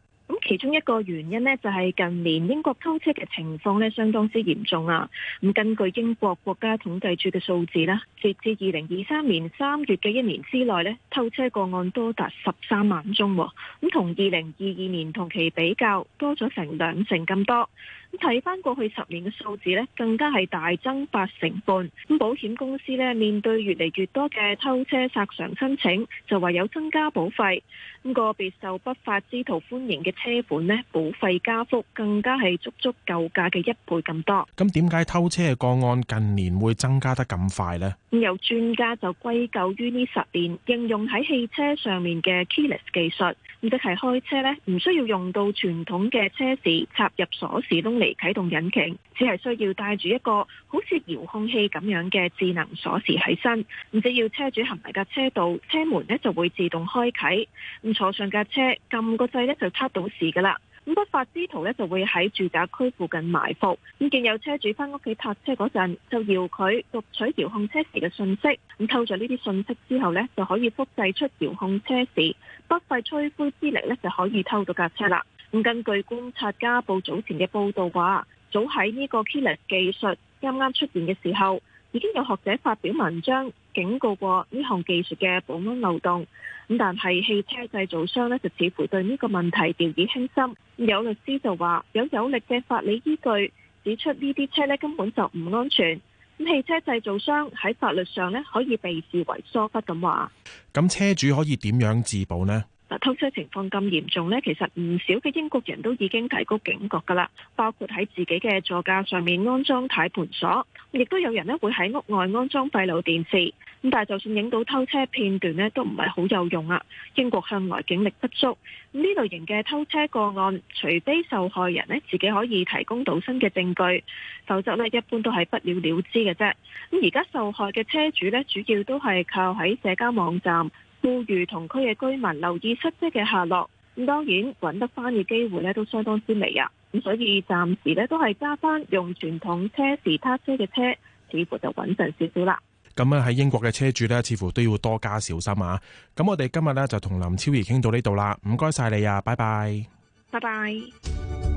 其中一個原因呢，就係近年英國偷車嘅情況呢，相當之嚴重啊！咁根據英國國家統計處嘅數字呢，截至二零二三年三月嘅一年之內呢，偷車個案多達十三萬宗，咁同二零二二年同期比較多咗成兩成咁多。咁睇翻過去十年嘅數字呢，更加係大增八成半。咁保險公司呢，面對越嚟越多嘅偷車索償申請，就唯有增加保費。咁個別受不法之徒歡迎嘅車基本呢，保費加幅更加係足足舊價嘅一倍咁多。咁點解偷車嘅個案近年會增加得咁快呢？有專家就歸咎於呢十年應用喺汽車上面嘅 keyless 技術，咁即係開車呢，唔需要用到傳統嘅車匙插入鎖匙窿嚟啟動引擎，只係需要帶住一個好似遙控器咁樣嘅智能鎖匙喺身，咁只要車主行埋架車度，車門呢就會自動開啟。咁坐上架車，撳個掣呢，就插到嘅啦，咁不法之徒咧就會喺住宅區附近埋伏，咁見有車主翻屋企泊車嗰陣，就搖佢讀取遙控車匙嘅信息，咁偷咗呢啲信息之後咧，就可以複製出遙控車匙，不費吹灰之力咧就可以偷到架車啦。咁根據觀察家報早前嘅報道話，早喺呢個 Keyless 技術啱啱出現嘅時候，已經有學者發表文章警告過呢項技術嘅保安漏洞，咁但係汽車製造商呢就似乎對呢個問題掉以輕心。有律師就話有有力嘅法理依據指出呢啲車根本就唔安全，咁汽車製造商喺法律上可以被視為疏忽。咁話咁車主可以點樣自保呢？偷車情況咁嚴重呢，其實唔少嘅英國人都已經提高警覺噶啦，包括喺自己嘅座駕上面安裝睇盤鎖，亦都有人咧會喺屋外安裝閉路電視。咁但係就算影到偷車片段呢，都唔係好有用啊。英國向來警力不足，咁呢類型嘅偷車個案，除非受害人呢自己可以提供到新嘅證據，否則呢一般都係不了了之嘅啫。咁而家受害嘅車主呢，主要都係靠喺社交網站。富裕同區嘅居民留意失車嘅下落，咁當然揾得翻嘅機會呢都相當之微啊！咁所以暫時呢都係揸翻用傳統車，時撻車嘅車，似乎就穩陣少少啦。咁喺英國嘅車主呢，似乎都要多加小心啊！咁我哋今日呢，就同林超儀傾到呢度啦，唔該晒你啊，拜拜，拜拜。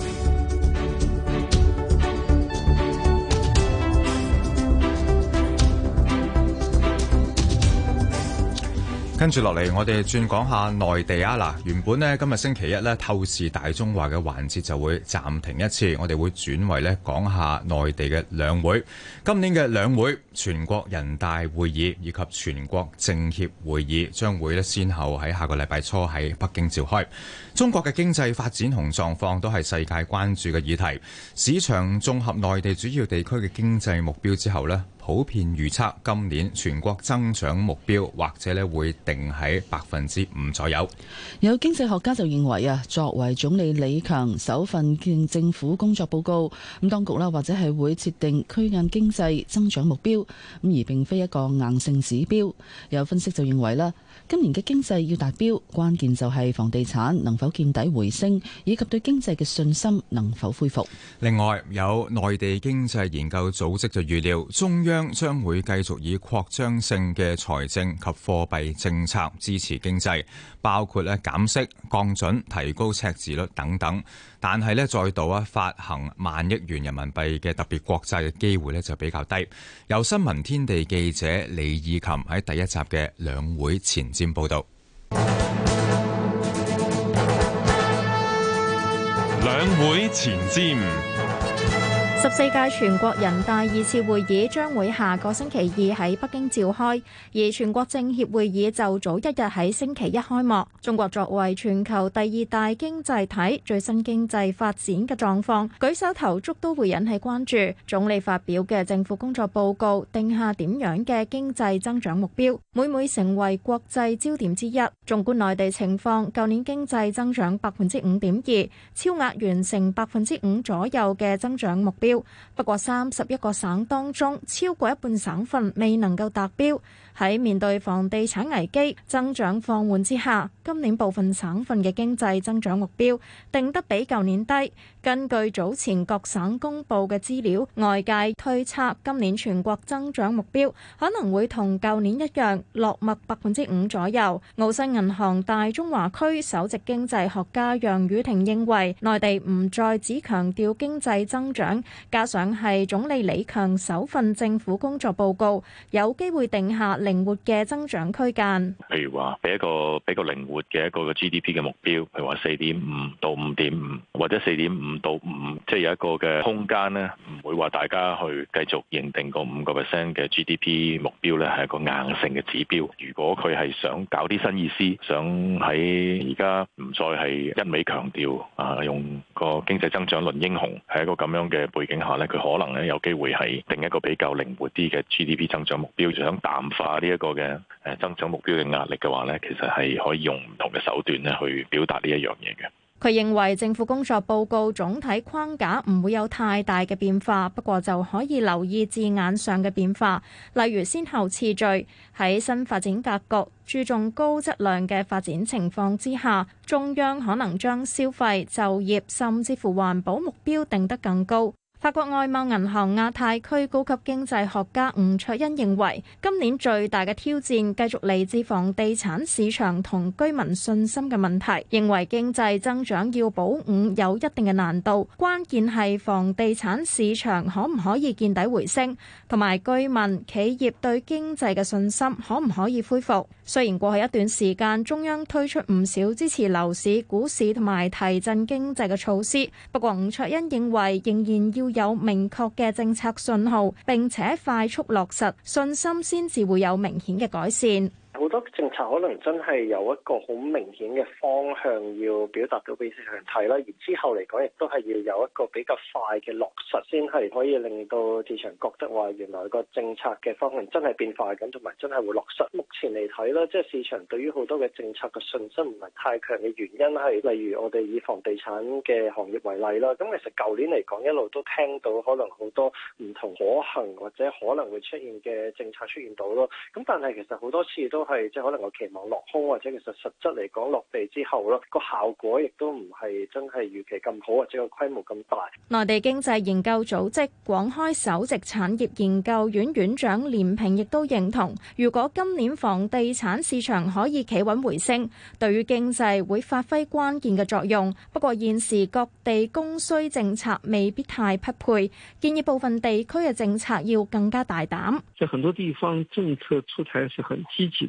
跟住落嚟，我哋轉講下內地啊！嗱，原本呢，今日星期一呢，透視大中華嘅環節就會暫停一次，我哋會轉為呢，講下內地嘅兩會。今年嘅兩會，全國人大會議以及全國政協會議，將會呢，先後喺下個禮拜初喺北京召開。中國嘅經濟發展同狀況都係世界關注嘅議題。市場綜合內地主要地區嘅經濟目標之後呢，普遍預測今年全國增長目標或者咧會定喺百分之五左右。有經濟學家就認為啊，作為總理李強首份建政府工作報告，咁當局啦或者係會設定區間經濟增長目標，咁而並非一個硬性指標。有分析就認為咧。今年嘅經濟要達標，關鍵就係房地產能否見底回升，以及對經濟嘅信心能否恢復。另外，有內地經濟研究組織就預料，中央將會繼續以擴張性嘅財政及貨幣政策支持經濟。包括咧減息、降準、提高赤字率等等，但係咧，再度啊，發行萬億元人民幣嘅特別國債嘅機會咧就比較低。由新聞天地記者李以琴喺第一集嘅兩會前瞻報導。兩會前瞻。」十四屆全國人大二次會議將會下個星期二喺北京召開，而全國政協會議就早一日喺星期一開幕。中國作為全球第二大經濟體，最新經濟發展嘅狀況，舉手投足都會引起關注。總理發表嘅政府工作報告定下點樣嘅經濟增長目標，每每成為國際焦點之一。縱觀內地情況，舊年經濟增長百分之五點二，超額完成百分之五左右嘅增長目標。不過三十一個省當中，超過一半省份未能夠達標。喺面對房地產危機、增長放緩之下，今年部分省份嘅經濟增長目標定得比舊年低。根據早前各省公佈嘅資料，外界推測今年全國增長目標可能會同舊年一樣落墨百分之五左右。澳新銀行大中華區首席經濟學家楊宇霆認為，內地唔再只強調經濟增長，加上係總理李強首份政府工作報告，有機會定下靈活嘅增長區間，譬如話俾一個比較靈活嘅一個 GDP 嘅目標，譬如話四點五到五點五，或者四點五到五，即係有一個嘅空間呢，唔會話大家去繼續認定個五個 percent 嘅 GDP 目標呢係一個硬性嘅指標。如果佢係想搞啲新意思，想喺而家唔再係一味強調啊，用個經濟增長論英雄，喺一個咁樣嘅背景下呢，佢可能呢有機會係定一個比較靈活啲嘅 GDP 增長目標，就想淡化。啊，呢一個嘅增長目標嘅壓力嘅話呢，其實係可以用唔同嘅手段去表達呢一樣嘢嘅。佢認為政府工作報告總體框架唔會有太大嘅變化，不過就可以留意字眼上嘅變化，例如先後次序喺新發展格局注重高質量嘅發展情況之下，中央可能將消費、就業甚至乎環保目標定得更高。法國外貿銀行亞太區高級經濟學家吳卓恩認為，今年最大嘅挑戰繼續嚟自房地產市場同居民信心嘅問題。認為經濟增長要保五有一定嘅難度，關鍵係房地產市場可唔可以見底回升，同埋居民企業對經濟嘅信心可唔可以恢復。雖然過去一段時間中央推出唔少支持樓市、股市同埋提振經濟嘅措施，不過吳卓恩認為仍然要。有明確嘅政策信號，並且快速落實，信心先至會有明顯嘅改善。好多政策可能真係有一個好明顯嘅方向要表達到俾市場睇啦，而之後嚟講亦都係要有一個比較快嘅落實先係可以令到市場覺得話原來個政策嘅方向真係變化緊，同埋真係會落實。目前嚟睇啦，即係市場對於好多嘅政策嘅信心唔係太強嘅原因係，例如我哋以房地產嘅行業為例啦。咁其實舊年嚟講一路都聽到可能好多唔同可行或者可能會出現嘅政策出現到咯。咁但係其實好多次都～都係即係可能我期望落空，或者其實實質嚟講落地之後咯，個效果亦都唔係真係預期咁好，或者個規模咁大。內地經濟研究組織廣開首席產業研究院院長連平亦都認同，如果今年房地產市場可以企穩回升，對於經濟會發揮關鍵嘅作用。不過現時各地供需政策未必太匹配，建議部分地區嘅政策要更加大膽。在很多地方政策出台是很積極。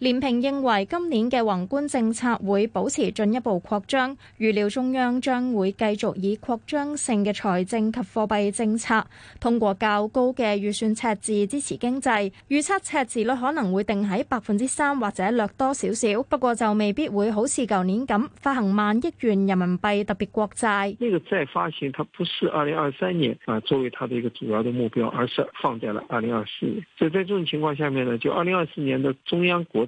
連平認為今年嘅宏觀政策會保持進一步擴張，預料中央將會繼續以擴張性嘅財政及貨幣政策，通過較高嘅預算赤字支持經濟。預測赤字率可能會定喺百分之三或者略多少少，不過就未必會好似舊年咁發行萬億元人民幣特別國債。那個債發行，它不是二零二三年啊作為它嘅一個主要嘅目標，而是放在了二零二四年。所以在這種情況下面呢，就二零二四年的中央國。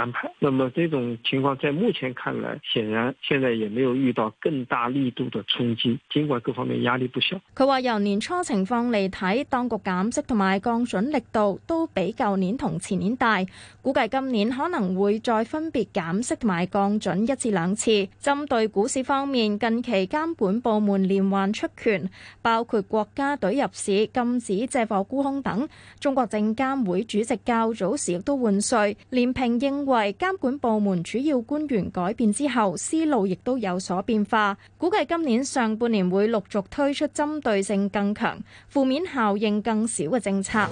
安排，那麼這種情況在目前看來，顯然現在也沒有遇到更大力度的衝擊，盡管各方面壓力不小。佢話由年初情況嚟睇，當局減息同埋降準力度都比舊年同前年大，估計今年可能會再分別減息同埋降準一至兩次。針對股市方面，近期監管部門連環出拳，包括國家隊入市、禁止借貨沽空等。中國證監會主席較早時亦都換帥，連平應。因為監管部門主要官員改變之後，思路亦都有所變化，估計今年上半年會陸續推出針對性更強、負面效應更少嘅政策。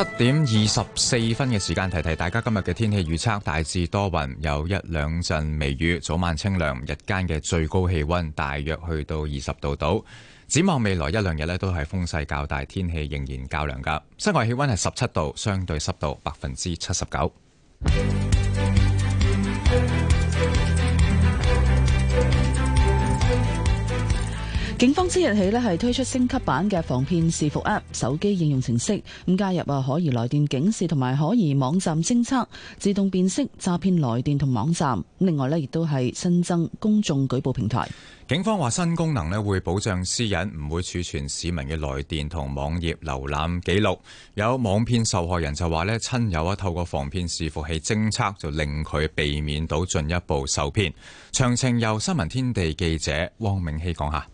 七點二十四分嘅時間，提提大家今日嘅天氣預測，大致多雲，有一兩陣微雨，早晚清涼，日間嘅最高氣溫大約去到二十度度。展望未來一兩日呢都係風勢較大，天氣仍然較涼噶。室外氣溫係十七度，相對濕度百分之七十九。警方即日起呢係推出升級版嘅防騙視伏 App 手機應用程式咁，加入啊可疑來電警示同埋可疑網站偵測，自動辨識詐騙來電同網站。另外呢亦都係新增公眾舉報平台。警方話新功能咧會保障私隱，唔會儲存市民嘅來電同網頁瀏覽記錄。有網騙受害人就話呢親友啊透過防騙視伏器偵測，就令佢避免到進一步受騙。詳情由新聞天地記者汪明希講下。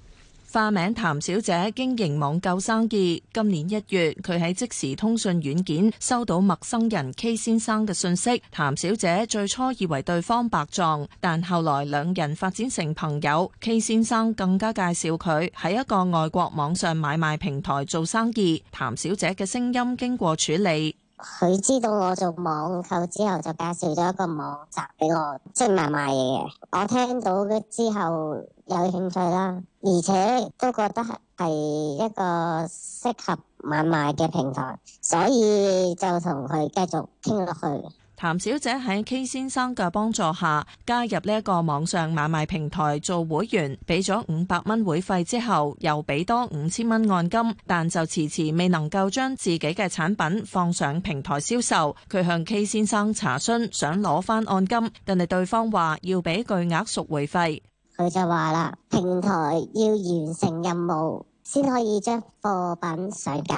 化名譚小姐經營網購生意。今年一月，佢喺即時通訊軟件收到陌生人 K 先生嘅信息。譚小姐最初以為對方白撞，但後來兩人發展成朋友。K 先生更加介紹佢喺一個外國網上買賣平台做生意。譚小姐嘅聲音經過處理。佢知道我做網購之後，就介紹咗一個網站俾我，即係賣賣嘢，我聽到嘅之後。有興趣啦，而且都覺得係一個適合買賣嘅平台，所以就同佢繼續傾落去。譚小姐喺 K 先生嘅幫助下加入呢一個網上買賣平台做會員，俾咗五百蚊會費之後，又俾多五千蚊按金，但就遲遲未能夠將自己嘅產品放上平台銷售。佢向 K 先生查詢想攞翻按金，但係對方話要俾巨額贖回費。佢就話啦，平台要完成任務先可以將貨品上架，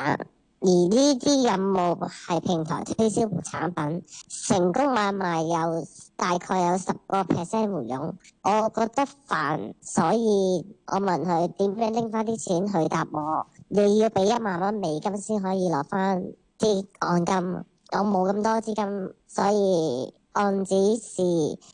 而呢啲任務係平台推銷產品，成功買賣有大概有十個 percent 回佣。我覺得煩，所以我問佢點樣拎翻啲錢，去答我你要俾一萬蚊美金先可以攞翻啲按金。我冇咁多資金，所以按指示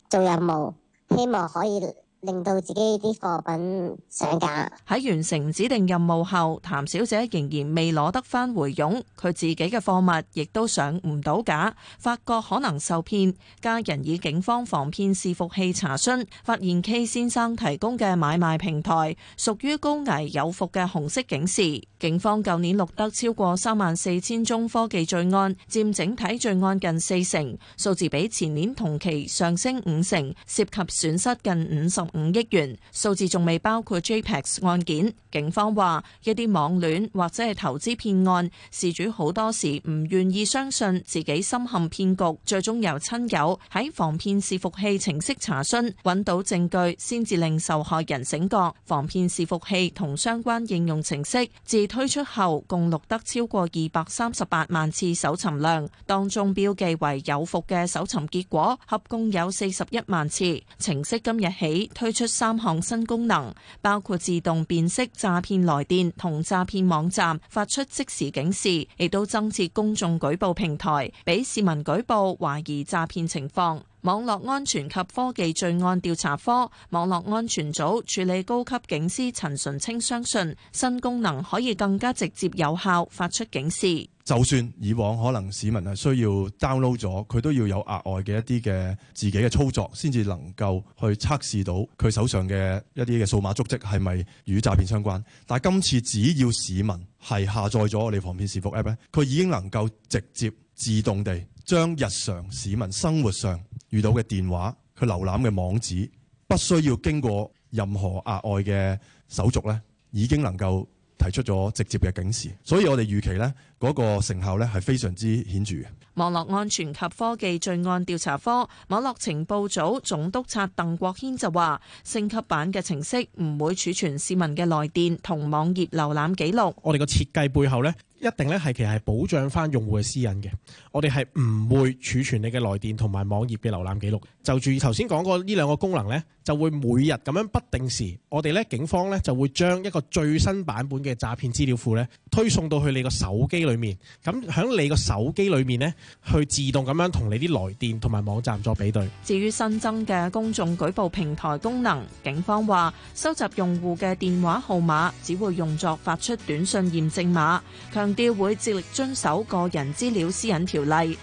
做任務，希望可以，令到自己啲貨品上架。喺完成指定任務後，譚小姐仍然未攞得返回佣，佢自己嘅貨物亦都上唔到架，發覺可能受騙。家人以警方防騙伺服器查詢，發現 K 先生提供嘅買賣平台屬於高危有伏嘅紅色警示。警方舊年錄得超過三萬四千宗科技罪案，佔整體罪案近四成，數字比前年同期上升五成，涉及損失近五十，五億元數字仲未包括 JPEX 案件。警方話：一啲網戀或者係投資騙案，事主好多時唔願意相信自己深陷騙局，最終由親友喺防騙視伺器程式查詢揾到證據，先至令受害人醒覺。防騙視伺器同相關應用程式自推出後，共錄得超過二百三十八萬次搜尋量，當中標記為有伏嘅搜尋結果合共有四十一萬次。程式今日起推出三項新功能，包括自動辨識詐騙來電同詐騙網站，發出即時警示，亦都增設公眾舉報平台，俾市民舉報懷疑詐騙情況。網絡安全及科技罪案調查科網絡安全組處理高級警司陳純清相信，新功能可以更加直接有效發出警示。就算以往可能市民係需要 download 咗，佢都要有額外嘅一啲嘅自己嘅操作，先至能夠去測試到佢手上嘅一啲嘅數碼足跡係咪與詐騙相關。但係今次只要市民係下載咗我哋防騙視服 App 咧，佢已經能夠直接自動地將日常市民生活上遇到嘅電話佢瀏覽嘅網址，不需要經過任何額外嘅手續咧，已經能夠。提出咗直接嘅警示，所以我哋預期呢嗰個成效咧係非常之顯著嘅。網絡安全及科技罪案調查科網絡情報組總督察鄧國軒就話升級版嘅程式唔會儲存市民嘅來電同網頁瀏覽記錄，我哋個設計背後咧。一定咧係其實係保障翻用戶嘅私隱嘅，我哋係唔會儲存你嘅來電同埋網頁嘅瀏覽記錄。就住頭先講過呢兩個功能呢，就會每日咁樣不定時。我哋咧警方咧就會將一個最新版本嘅詐騙資料庫咧推送到去你個手機裏面。咁響你個手機裏面呢，去自動咁樣同你啲來電同埋網站作比對。至於新增嘅公眾舉報平台功能，警方話收集用戶嘅電話號碼只會用作發出短信驗證碼，強。會接力遵守個人資料私隱條例。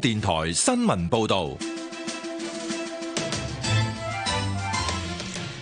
電台新聞報道，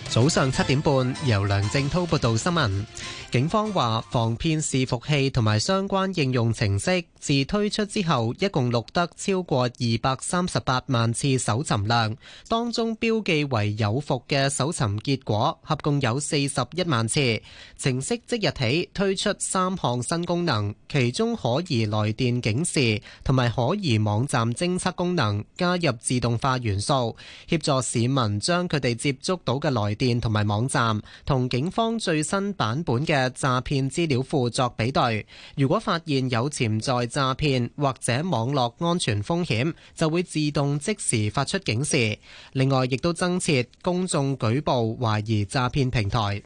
早上七點半，由梁正濤報道新聞。警方話，防騙伺服器同埋相關應用程式。自推出之後，一共錄得超過二百三十八萬次搜尋量，當中標記為有伏嘅搜尋結果合共有四十一萬次。程式即日起推出三項新功能，其中可疑來電警示同埋可疑網站偵測功能加入自動化元素，協助市民將佢哋接觸到嘅來電同埋網站同警方最新版本嘅詐騙資料庫作比對，如果發現有潛在詐騙或者網絡安全風險，就會自動即時發出警示。另外，亦都增設公眾舉報懷疑詐騙平台。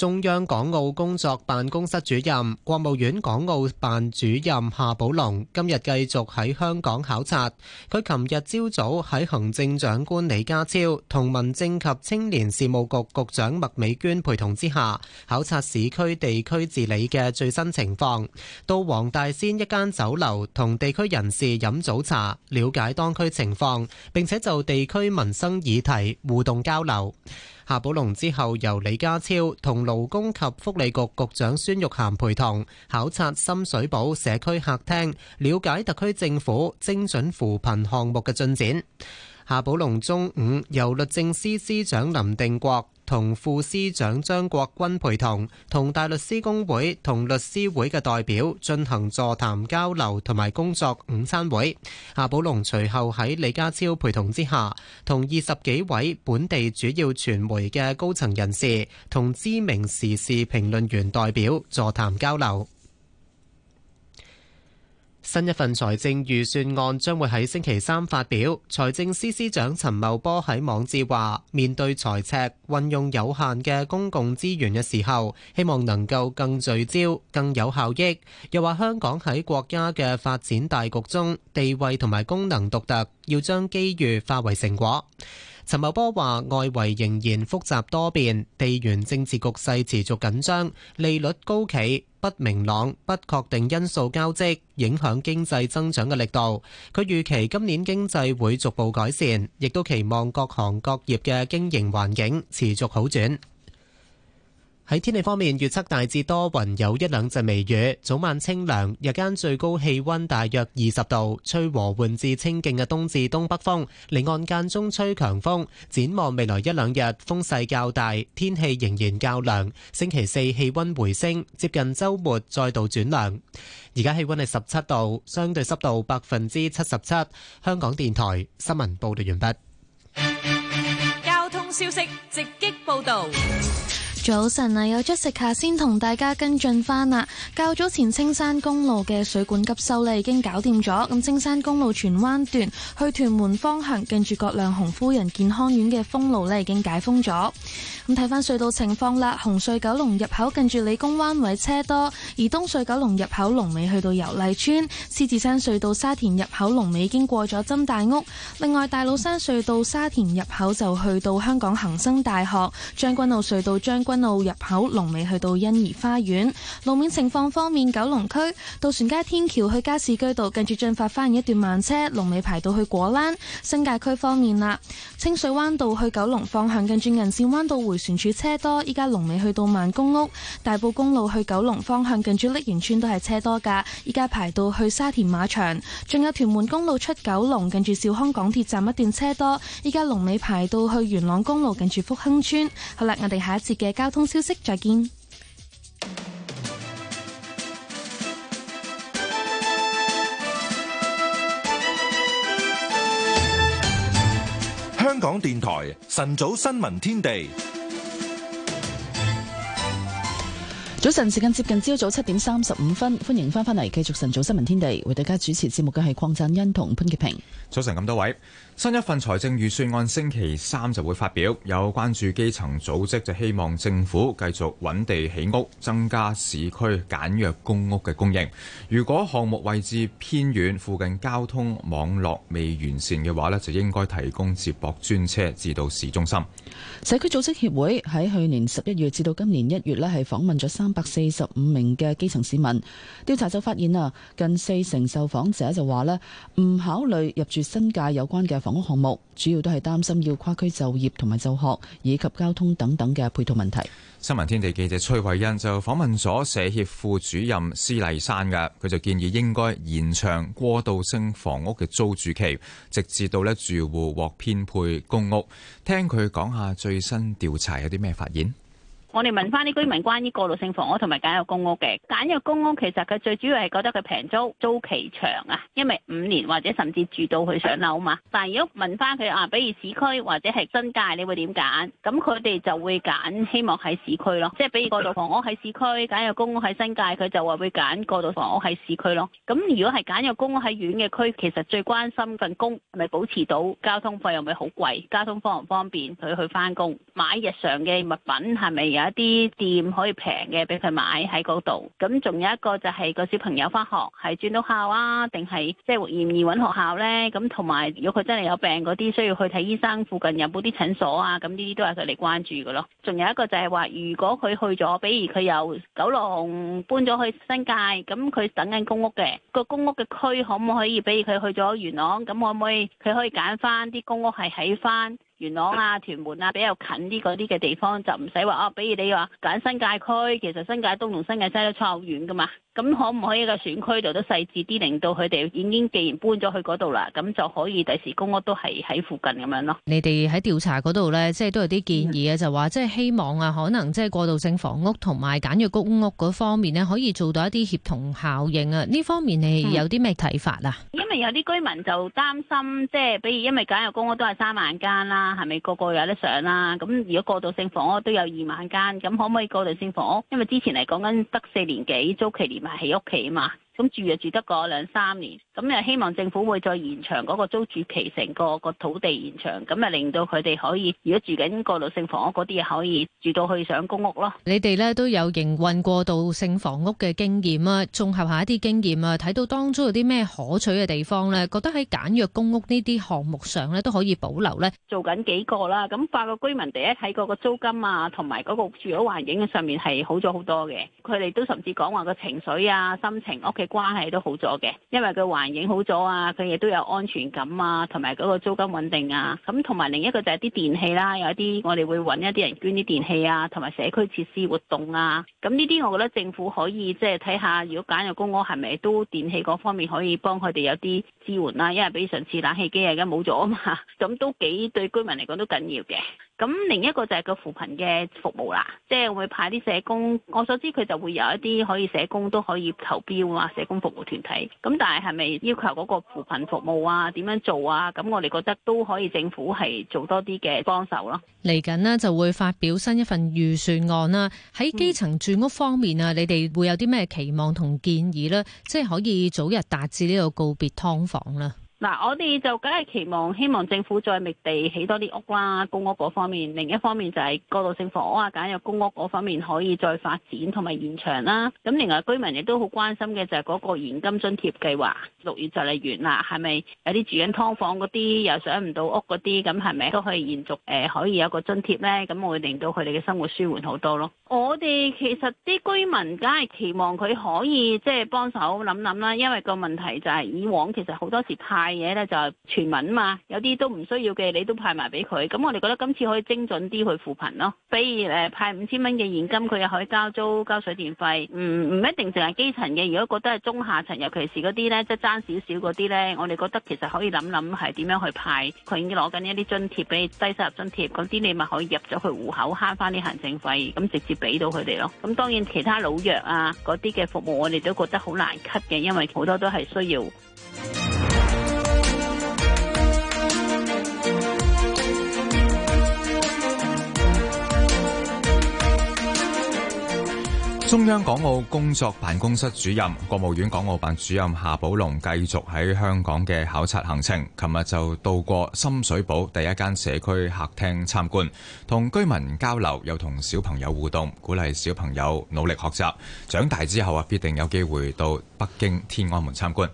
中央港澳工作辦公室主任、國務院港澳辦主任夏寶龍今日繼續喺香港考察。佢琴日朝早喺行政長官李家超同民政及青年事務局局長麥美娟陪同之下，考察市區地區治理嘅最新情況，到黃大仙一間酒樓同地區人士飲早茶，了解當區情況，並且就地區民生議題互動交流。夏寶龍之後由李家超同勞工及福利局局長孫玉菡陪同考察深水埗社區客廳，了解特區政府精準扶貧項目嘅進展。夏寶龍中午由律政司司長林定國同副司長張國軍陪同，同大律師公會同律師會嘅代表進行座談交流同埋工作午餐會。夏寶龍隨後喺李家超陪同之下，同二十幾位本地主要傳媒嘅高層人士同知名時事評論員代表座談交流。新一份財政預算案將會喺星期三發表。財政司司長陳茂波喺網誌話：面對財赤，運用有限嘅公共資源嘅時候，希望能夠更聚焦、更有效益。又話香港喺國家嘅發展大局中地位同埋功能獨特，要將機遇化為成果。陳茂波話：外圍仍然複雜多變，地緣政治局勢持續緊張，利率高企不明朗，不確定因素交織，影響經濟增長嘅力度。佢預期今年經濟會逐步改善，亦都期望各行各業嘅經營環境持續好轉。喺天氣方面，預測大致多雲，有一兩陣微雨，早晚清涼，日間最高氣温大約二十度，吹和緩至清勁嘅東至東北風，離岸間中吹強風。展望未來一兩日風勢較大，天氣仍然較涼。星期四氣温回升，接近周末再度轉涼。而家氣温係十七度，相對濕度百分之七十七。香港電台新聞報道完畢。交通消息直擊報道。早晨啊，有 Jessica 先同大家跟進翻啦。較早前青山公路嘅水管急修咧已經搞掂咗，咁青山公路荃灣段去屯門方向近住葛量洪夫人健康院嘅封路咧已經解封咗。咁睇翻隧道情況啦，紅隧九龍入口近住理工彎位車多，而東隧九龍入口龍尾去到油麗村，獅子山隧道沙田入口龍尾已經過咗針大屋。另外大老山隧道沙田入口就去到香港恒生大學，將軍澳隧道將。軍路入口龍尾去到欣怡花園，路面情況方面，九龍區渡船街天橋去加士居道，近住進發花園一段慢車，龍尾排到去果欄。新界區方面啦，清水灣道去九龍方向，近住銀線灣道回旋處車多，依家龍尾去到孟公屋。大埔公路去九龍方向，近住瀝源村都係車多噶，依家排到去沙田馬場。仲有屯門公路出九龍，近住兆康港鐵站一段車多，依家龍尾排到去元朗公路近住福亨村。好啦，我哋下一節嘅。交通消息，再見。香港電台晨早新聞天地，早晨時間接近朝早七點三十五分，歡迎翻翻嚟，繼續晨早新聞天地，為大家主持節目嘅係鄺振欣同潘潔平。早晨咁多位。新一份財政預算案星期三就會發表，有關注基層組織就希望政府繼續揾地起屋，增加市區簡約公屋嘅供應。如果項目位置偏遠，附近交通網絡未完善嘅話呢，就應該提供接駁專車至到市中心。社區組織協會喺去年十一月至到今年一月呢，係訪問咗三百四十五名嘅基層市民，調查就發現啊，近四成受訪者就話呢，唔考慮入住新界有關嘅房。房屋項目主要都係擔心要跨區就業同埋就學，以及交通等等嘅配套問題。新聞天地記者崔慧欣就訪問咗社協副主任施麗珊嘅，佢就建議應該延長過渡性房屋嘅租住期，直至到咧住戶獲編配公屋。聽佢講下最新調查有啲咩發現。我哋問翻啲居民關於過渡性房屋同埋簡約公屋嘅，簡約公屋其實佢最主要係覺得佢平租、租期長啊，因為五年或者甚至住到佢上樓嘛。但如果問翻佢啊，比如市區或者係新界，你會點揀？咁佢哋就會揀希望喺市區咯，即係比如過渡房屋喺市區，簡約公屋喺新界，佢就話會揀過渡房屋喺市區咯。咁如果係簡約公屋喺遠嘅區，其實最關心份工係咪保持到，交通費又咪好貴，交通方唔方便佢去翻工，買日常嘅物品係咪 有一啲店可以平嘅，俾佢買喺嗰度，咁仲有一個就係、是、個小朋友翻學係轉到校啊，定係即係易唔易揾學校呢？咁同埋如果佢真係有病嗰啲，需要去睇醫生，附近有冇啲診所啊？咁呢啲都係佢嚟關注㗎咯。仲有一個就係話，如果佢去咗，比如佢由九龍搬咗去新界，咁佢等緊公屋嘅個公屋嘅區可唔可以？比如佢去咗元朗，咁可唔可以？佢可以揀翻啲公屋係喺翻。元朗啊、屯門啊，比較近啲嗰啲嘅地方，就唔使話啊。比如你話揀新界區，其實新界東同新界西都差好遠噶嘛。咁可唔可以個選區度都細緻啲，令到佢哋已經既然搬咗去嗰度啦，咁就可以第時公屋都係喺附近咁樣咯。你哋喺調查嗰度咧，即係都有啲建議啊，嗯、就話即係希望啊，可能即係過渡性房屋同埋簡約公屋嗰方面咧，可以做到一啲協同效應啊。呢方面你有啲咩睇法啊？因為有啲居民就擔心，即係比如因為簡約公屋都係三萬間啦、啊，係咪個,個個有得上啦、啊？咁如果過渡性房屋都有二萬間，咁可唔可以過渡性房屋？因為之前嚟講緊得四年幾租期年。喺屋企啊嘛，咁住又住得嗰兩三年。咁又希望政府會再延長嗰個租住期，成個個土地延長，咁咪令到佢哋可以，如果住緊過渡性房屋嗰啲嘢，可以住到去上公屋咯。你哋咧都有營運過渡性房屋嘅經驗啊，綜合一下一啲經驗啊，睇到當中有啲咩可取嘅地方咧，覺得喺簡約公屋呢啲項目上咧都可以保留咧。做緊幾個啦，咁發覺居民第一睇過個租金啊，同埋嗰個住屋環境嘅上面係好咗好多嘅，佢哋都甚至講話個情緒啊、心情、屋企關係都好咗嘅，因為佢環。影好咗啊！佢亦都有安全感啊，同埋嗰個租金穩定啊。咁同埋另一個就係啲電器啦，有啲我哋會揾一啲人捐啲電器啊，同埋社區設施活動啊。咁呢啲我覺得政府可以即係睇下，如果揀入公屋係咪都電器嗰方面可以幫佢哋有啲支援啦。因為比上次冷氣機啊，而家冇咗啊嘛，咁都幾對居民嚟講都緊要嘅。咁另一個就係個扶貧嘅服務啦，即係會派啲社工。我所知佢就會有一啲可以社工都可以投標啊，社工服務團體，咁但係係咪要求嗰個扶貧服務啊？點樣做啊？咁我哋覺得都可以政府係做多啲嘅幫手咯。嚟緊呢，就會發表新一份預算案啦。喺基層住屋方面啊，嗯、你哋會有啲咩期望同建議呢，即係可以早日達至呢個告別㓥房啦。嗱，我哋就梗係期望希望政府再覓地起多啲屋啦，公屋嗰方面；另一方面就係過渡性房屋啊，梗有公屋嗰方面可以再發展同埋延長啦。咁另外居民亦都好關心嘅就係嗰個現金津貼計劃，六月就嚟完啦，係咪有啲住緊劏房嗰啲又上唔到屋嗰啲，咁係咪都可以延續誒、呃、可以有一個津貼咧？咁會令到佢哋嘅生活舒緩好多咯。我哋其實啲居民梗係期望佢可以即係、就是、幫手諗諗啦，因為個問題就係、是、以往其實好多時太嘢咧就係全民嘛，有啲都唔需要嘅，你都派埋俾佢。咁我哋覺得今次可以精準啲去扶貧咯。比如、呃、派五千蚊嘅現金，佢又可以交租、交水電費。唔、嗯、唔一定淨係基層嘅，如果覺得係中下層，尤其是嗰啲咧即係爭少少嗰啲咧，我哋覺得其實可以諗諗係點樣去派。佢已經攞緊一啲津貼，俾低收入津貼，嗰啲你咪可以入咗佢戶口，慳翻啲行政費，咁直接俾到佢哋咯。咁當然其他老弱啊嗰啲嘅服務，我哋都覺得好難 cut 嘅，因為好多都係需要。中央港澳工作辦公室主任、國務院港澳辦主任夏寶龍繼續喺香港嘅考察行程，琴日就到過深水埗第一間社區客廳參觀，同居民交流，又同小朋友互動，鼓勵小朋友努力學習，長大之後啊，必定有機會到北京天安門參觀。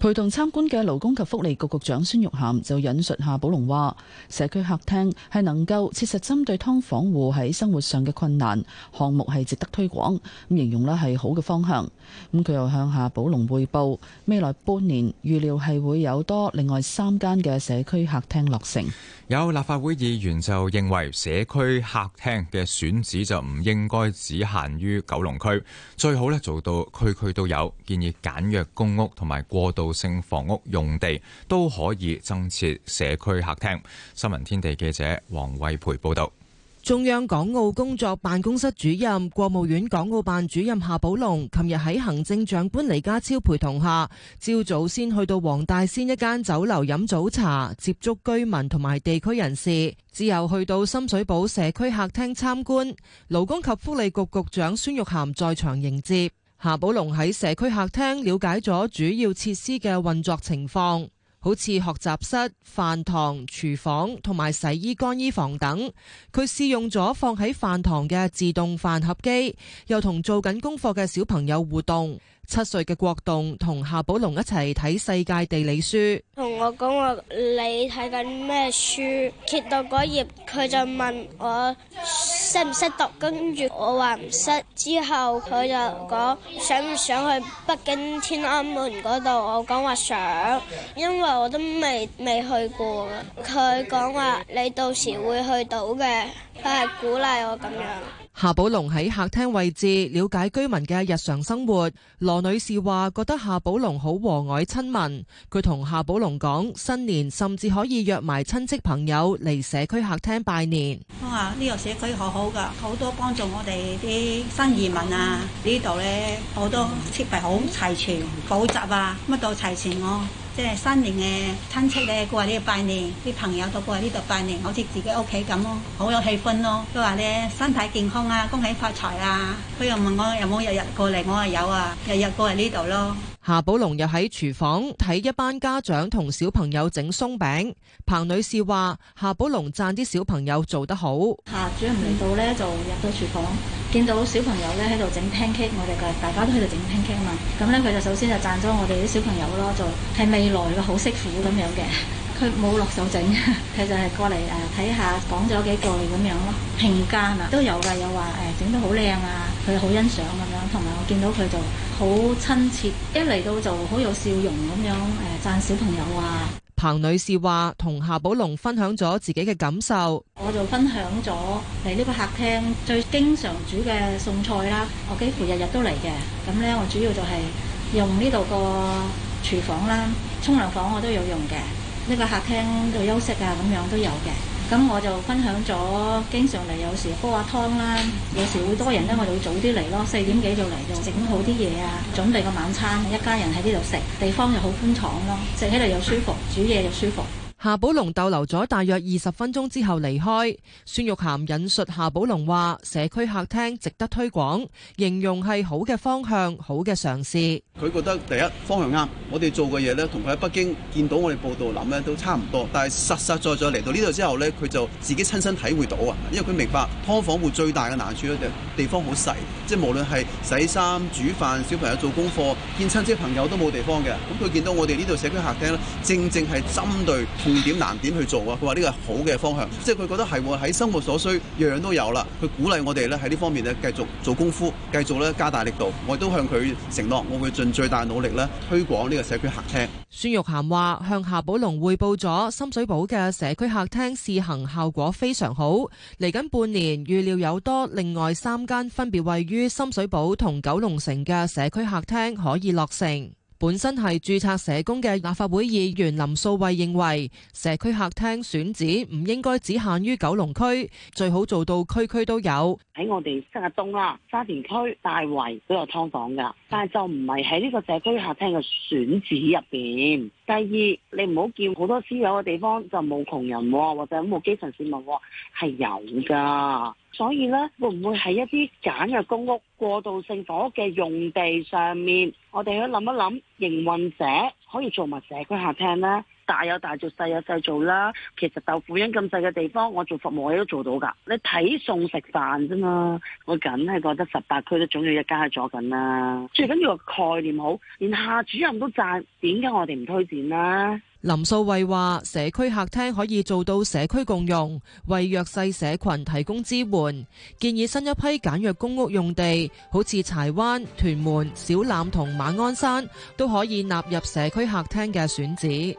陪同參觀嘅勞工及福利局局，局長孫玉菡就引述夏寶龍話：社區客廳係能夠切實針對劏房戶喺生活上嘅困難，項目係值得推廣。咁形容呢係好嘅方向。咁佢又向夏寶龍匯報，未來半年預料係會有多另外三間嘅社區客廳落成。有立法會議員就認為社區客廳嘅選址就唔應該只限於九龍區，最好咧做到區區都有。建議簡約公屋同埋過渡。性房屋用地都可以增設社區客廳。新聞天地記者黃慧培報道，中央港澳工作辦公室主任、國務院港澳辦主任夏寶龍，琴日喺行政長官李家超陪同下，朝早先去到黃大仙一間酒樓飲早茶，接觸居民同埋地區人士，之後去到深水埗社區客廳參觀，勞工及福利局局,局長孫玉菡在場迎接。夏寶龍喺社區客廳了解咗主要設施嘅運作情況，好似學習室、飯堂、廚房同埋洗衣乾衣房等。佢試用咗放喺飯堂嘅自動飯盒機，又同做緊功課嘅小朋友互動。七歲嘅國棟同夏寶龍一齊睇世界地理書，同我講話，你睇緊咩書？揭到嗰頁，佢就問我識唔識讀，跟住我話唔識。之後佢就講，想唔想去北京天安門嗰度，我講話想，因為我都未未去過。佢講話，你到時會去到嘅，佢係鼓勵我咁樣。夏寶龍喺客廳位置了解居民嘅日常生活。羅女士話，覺得夏寶龍好和藹親民。佢同夏寶龍講，新年甚至可以約埋親戚朋友嚟社區客廳拜年。啊，呢個社區好好㗎，好多幫助我哋啲新移民啊。這裡呢度咧好多設備好齊全，補習啊乜都齊全哦、啊。即係新年嘅親戚咧過嚟呢度拜年，啲朋友都過嚟呢度拜年，好似自己屋企咁咯，好有氣氛咯。佢話咧身體健康啊，恭喜發財啊！佢又問我有冇日日過嚟，我話有啊，日日過嚟呢度咯。夏寶龍又喺廚房睇一班家長同小朋友整鬆餅，彭女士話夏寶龍讚啲小朋友做得好。夏主任嚟到咧就入到廚房，見到小朋友咧喺度整 pancake，我哋嘅大家都喺度整 pancake 啊嘛，咁咧佢就首先就讚咗我哋啲小朋友咯，就係未來嘅好媳婦咁樣嘅。佢冇落手整，佢就係過嚟誒睇下講咗幾句咁樣咯評價啊都有㗎，又話誒整得好靚啊，佢好欣賞咁樣。同埋我見到佢就好親切，一嚟到就好有笑容咁樣誒讚小朋友啊。彭女士話：同夏寶龍分享咗自己嘅感受，我就分享咗嚟呢個客廳最經常煮嘅餸菜啦。我幾乎日日都嚟嘅，咁咧我主要就係用呢度個廚房啦，沖涼房我都有用嘅。呢個客廳度休息啊，咁樣都有嘅。咁我就分享咗，經常嚟，有時煲下湯啦，有時候會多人咧，我哋會早啲嚟咯，四點幾就嚟，就整好啲嘢啊，準備個晚餐，一家人喺呢度食，地方又好寬敞咯，食起嚟又舒服，煮嘢又舒服。夏寶龍逗留咗大約二十分鐘之後離開，孫玉菡引述夏寶龍話：社區客廳值得推廣，形容係好嘅方向，好嘅嘗試。佢覺得第一方向啱，我哋做嘅嘢呢，同佢喺北京見到我哋報道諗咧都差唔多。但係實實在在嚟到呢度之後呢，佢就自己親身體會到啊，因為佢明白劏房戶最大嘅難處咧就地方好細，即係無論係洗衫、煮飯、小朋友做功課、見親戚朋友都冇地方嘅。咁佢見到我哋呢度社區客廳咧，正正係針對。重點難點去做啊！佢話呢個係好嘅方向，即係佢覺得係會喺生活所需樣樣都有啦。佢鼓勵我哋咧喺呢方面咧繼續做功夫，繼續咧加大力度。我亦都向佢承諾，我會盡最大努力咧推廣呢個社區客廳。孫玉涵話向夏寶龍匯報咗深水埗嘅社區客廳試行效果非常好，嚟緊半年預料有多另外三間分別位於深水埗同九龍城嘅社區客廳可以落成。本身係註冊社工嘅立法會議員林素慧認為，社區客廳選址唔應該只限於九龍區，最好做到區區都有。喺我哋新亞東啦、沙田區、大圍都有劏房㗎，但係就唔係喺呢個社區客廳嘅選址入面。第二，你唔好見好多私有嘅地方就冇窮人，或者冇基層市民，係有噶。所以呢，會唔會係一啲簡約公屋、過渡性房屋嘅用地上面，我哋去諗一諗，營運者可以做埋社區客廳呢。大有大做，細有細做啦。其實豆腐膶咁細嘅地方，我做服務我都做到㗎。你睇餸食飯啫嘛，我梗係覺得十八區都總有一家喺咗緊啦。最緊要個概念好，連下主任都讚，點解我哋唔推薦啦？林素慧話：社區客廳可以做到社區共用，為弱勢社群提供支援。建議新一批簡約公屋用地，好似柴灣、屯門、小欖同馬鞍山，都可以納入社區客廳嘅選址。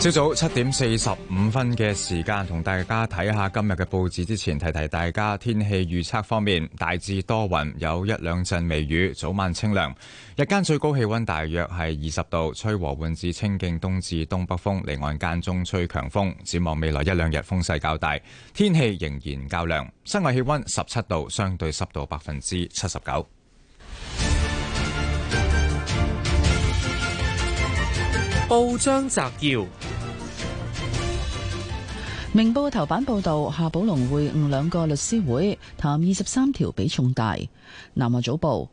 朝早七點四十五分嘅時間，同大家睇下今日嘅報紙之前，提提大家，天氣預測方面，大致多雲，有一兩陣微雨，早晚清涼。日間最高氣溫大約係二十度，吹和緩至清勁東至東北風，離岸間中吹強風。展望未來一兩日風勢較大，天氣仍然較涼，室外氣溫十七度，相對濕度百分之七十九。報章摘要：明報頭版報道，夏寶龍會晤兩個律師會，談二十三條比重大。南華早報：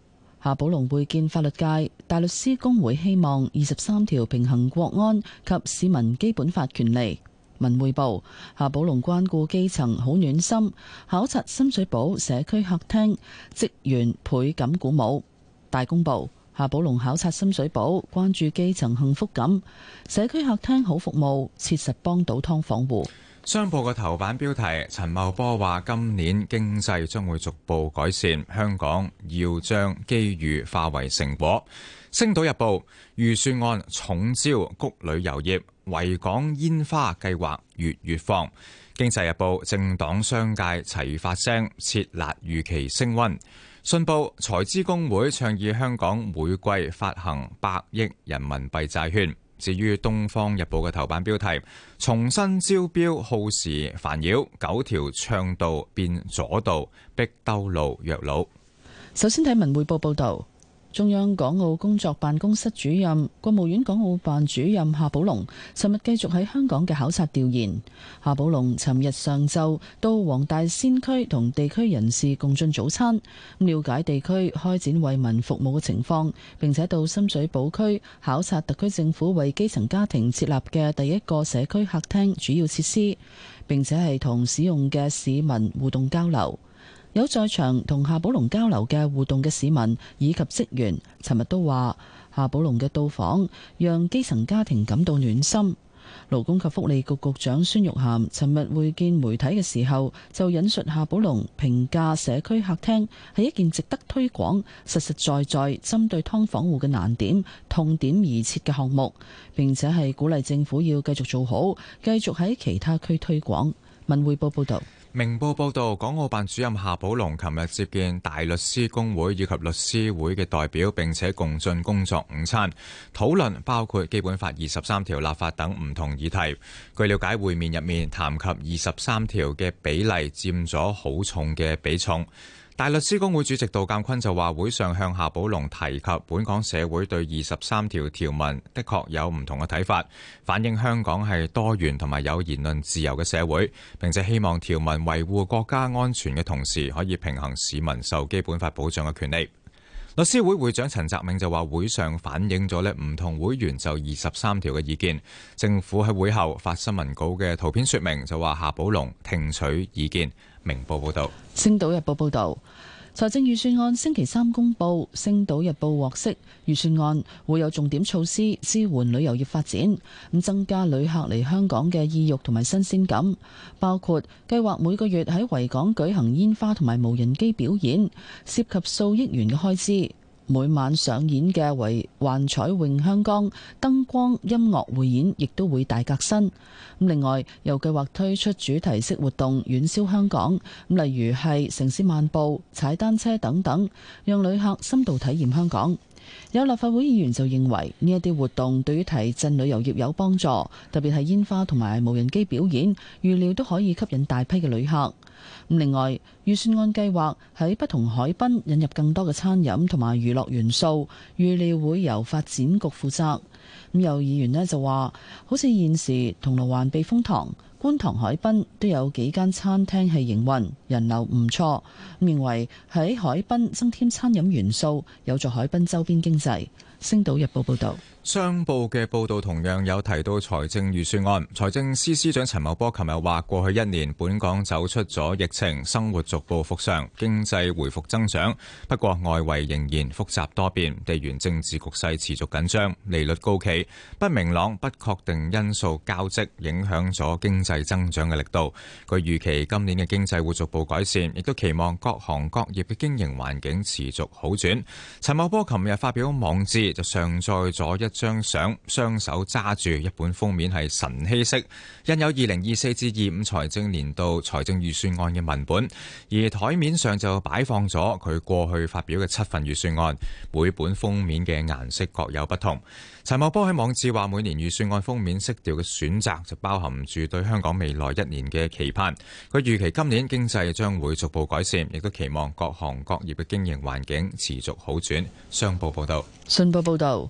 夏寶龍會見法律界大律師公會，希望二十三條平衡國安及市民基本法權利。文匯報：夏寶龍關顧基層好暖心，考察深水埗社區客廳，職員倍感鼓舞。大公報。夏寶龍考察深水埗，關注基層幸福感，社區客廳好服務，切實幫到劏房戶。商報嘅頭版標題：陳茂波話今年經濟將會逐步改善，香港要將機遇化為成果。星島日報預算案重招谷旅遊業，維港煙花計劃月月放。經濟日報政黨商界齊發聲，撤辣預期升溫。信報，財資公會倡議香港每季發行百億人民幣債券。至於《東方日報》嘅頭版標題：重新招標耗時煩擾，九條暢道變左道，逼兜路弱路。首先睇《文匯報》報導。中央港澳工作辦公室主任、國務院港澳辦主任夏寶龍尋日繼續喺香港嘅考察調研。夏寶龍尋日上晝到黃大仙區同地區人士共進早餐，了解地區開展為民服務嘅情況，並且到深水埗區考察特區政府為基層家庭設立嘅第一個社區客廳主要設施，並且係同使用嘅市民互動交流。有在場同夏寶龍交流嘅互動嘅市民以及職員，尋日都話夏寶龍嘅到訪讓基層家庭感到暖心。勞工及福利局局長孫玉菡尋日會見媒體嘅時候，就引述夏寶龍評價社區客廳係一件值得推廣、實實在在針對劏房戶嘅難點痛點而設嘅項目，並且係鼓勵政府要繼續做好，繼續喺其他區推廣。文匯報報道。明報報導，港澳辦主任夏寶龍琴日接見大律師公會以及律師會嘅代表，並且共進工作午餐，討論包括基本法二十三條立法等唔同議題。據了解，會面入面談及二十三條嘅比例佔咗好重嘅比重。大律師公會主席杜鑒坤就話：會上向夏寶龍提及，本港社會對二十三條條文的確有唔同嘅睇法，反映香港係多元同埋有言論自由嘅社會，並且希望條文維護國家安全嘅同時，可以平衡市民受基本法保障嘅權利。律師會會長陳澤銘就話：會上反映咗呢唔同會員就二十三條嘅意見。政府喺會後發新聞稿嘅圖片說明就話：夏寶龍聽取意見。明報報導，《星島日報》報導，財政預算案星期三公布，《星島日報》獲悉預算案會有重點措施支援旅遊業發展，咁增加旅客嚟香港嘅意欲同埋新鮮感，包括計劃每個月喺維港舉行煙花同埋無人機表演，涉及數億元嘅開支。每晚上演嘅為幻彩詠香江燈光音樂匯演亦都會大革新。咁另外又計劃推出主題式活動遠銷香港，咁例如係城市漫步、踩單車等等，讓旅客深度體驗香港。有立法會議員就認為呢一啲活動對於提振旅遊業有幫助，特別係煙花同埋無人機表演，預料都可以吸引大批嘅旅客。另外，預算案計劃喺不同海濱引入更多嘅餐飲同埋娛樂元素，預料會由發展局負責。咁有議員咧就話，好似現時銅鑼灣避風塘、觀塘海濱都有幾間餐廳係營運，人流唔錯。咁認為喺海濱增添餐飲元素有助海濱周邊經濟。星島日報報導。商報嘅報導同樣有提到財政預算案，財政司司長陳茂波琴日話：過去一年本港走出咗疫情，生活逐步復常，經濟回復增長。不過外圍仍然複雜多變，地緣政治局勢持續緊張，利率高企，不明朗、不確定因素交織，影響咗經濟增長嘅力度。佢預期今年嘅經濟會逐步改善，亦都期望各行各業嘅經營環境持續好轉。陳茂波琴日發表了網誌，就上載咗一張相雙手揸住一本封面係晨曦色，印有二零二四至二五財政年度財政預算案嘅文本。而台面上就擺放咗佢過去發表嘅七份預算案，每本封面嘅顏色各有不同。陳茂波喺網誌話，每年預算案封面色調嘅選擇就包含住對香港未來一年嘅期盼。佢預期今年經濟將會逐步改善，亦都期望各行各業嘅經營環境持續好轉。商報報道，信報報道。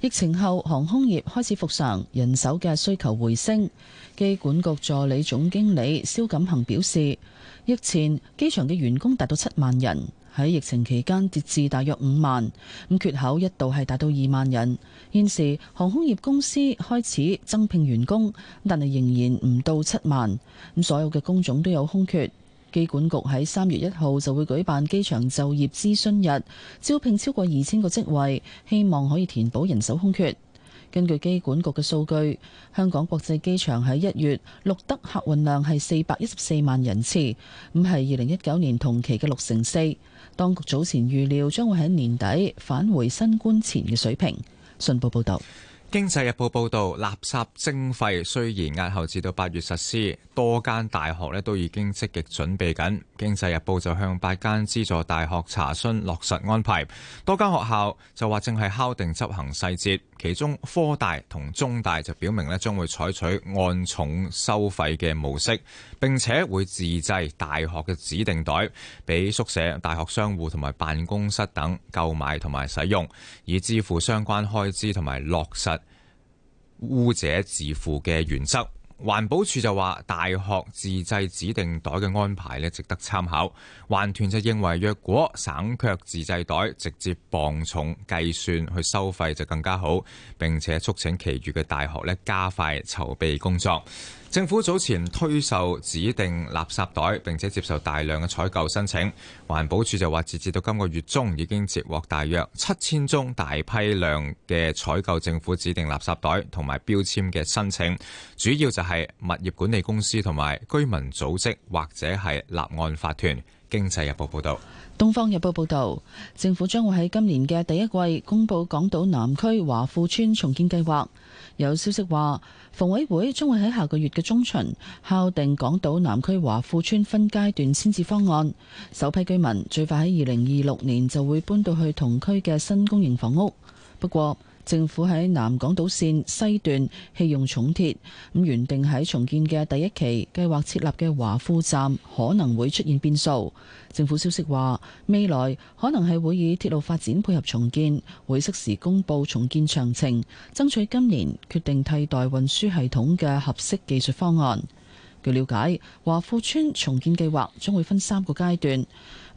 疫情後，航空業開始復常，人手嘅需求回升。機管局助理總經理蕭錦恒表示，疫前機場嘅員工達到七萬人，喺疫情期間跌至大約五萬，咁缺口一度係達到二萬人。現時航空業公司開始增聘員工，但係仍然唔到七萬，咁所有嘅工種都有空缺。機管局喺三月一號就會舉辦機場就業諮詢日，招聘超過二千個職位，希望可以填補人手空缺。根據機管局嘅數據，香港國際機場喺一月錄得客運量係四百一十四萬人次，咁係二零一九年同期嘅六成四。當局早前預料將會喺年底返回新冠前嘅水平。信報報道。經濟日報報道，垃圾徵費雖然押後至到八月實施，多間大學咧都已經積極準備緊。經濟日報就向八間資助大學查詢落實安排，多間學校就話正係敲定執行細節。其中科大同中大就表明咧將會採取按重收費嘅模式。並且會自製大學嘅指定袋，俾宿舍、大學商戶同埋辦公室等購買同埋使用，以支付相關開支同埋落實污者自付嘅原則。環保署就話，大學自製指定袋嘅安排呢值得參考。環團就認為，若果省卻自製袋，直接磅重計算去收費就更加好，並且促請其餘嘅大學呢加快籌備工作。政府早前推售指定垃圾袋，並且接受大量嘅採購申請，環保署就話截至到今個月中，已經接獲大約七千宗大批量嘅採購政府指定垃圾袋同埋標籤嘅申請，主要就係物業管理公司同埋居民組織或者係立案法團。經濟日報報道，東方日報報道，政府將會喺今年嘅第一季公布港島南區華富邨重建計劃。有消息話，房委會將會喺下個月嘅中旬敲定港島南區華富邨分階段遷置方案，首批居民最快喺二零二六年就會搬到去同區嘅新公營房屋。不過，政府喺南港島線西段棄用重鐵，咁原定喺重建嘅第一期計劃設立嘅華富站可能會出現變數。政府消息話，未來可能係會以鐵路發展配合重建，會適時公佈重建詳情，爭取今年決定替代運輸系統嘅合適技術方案。據了解，華富村重建計劃將會分三個階段。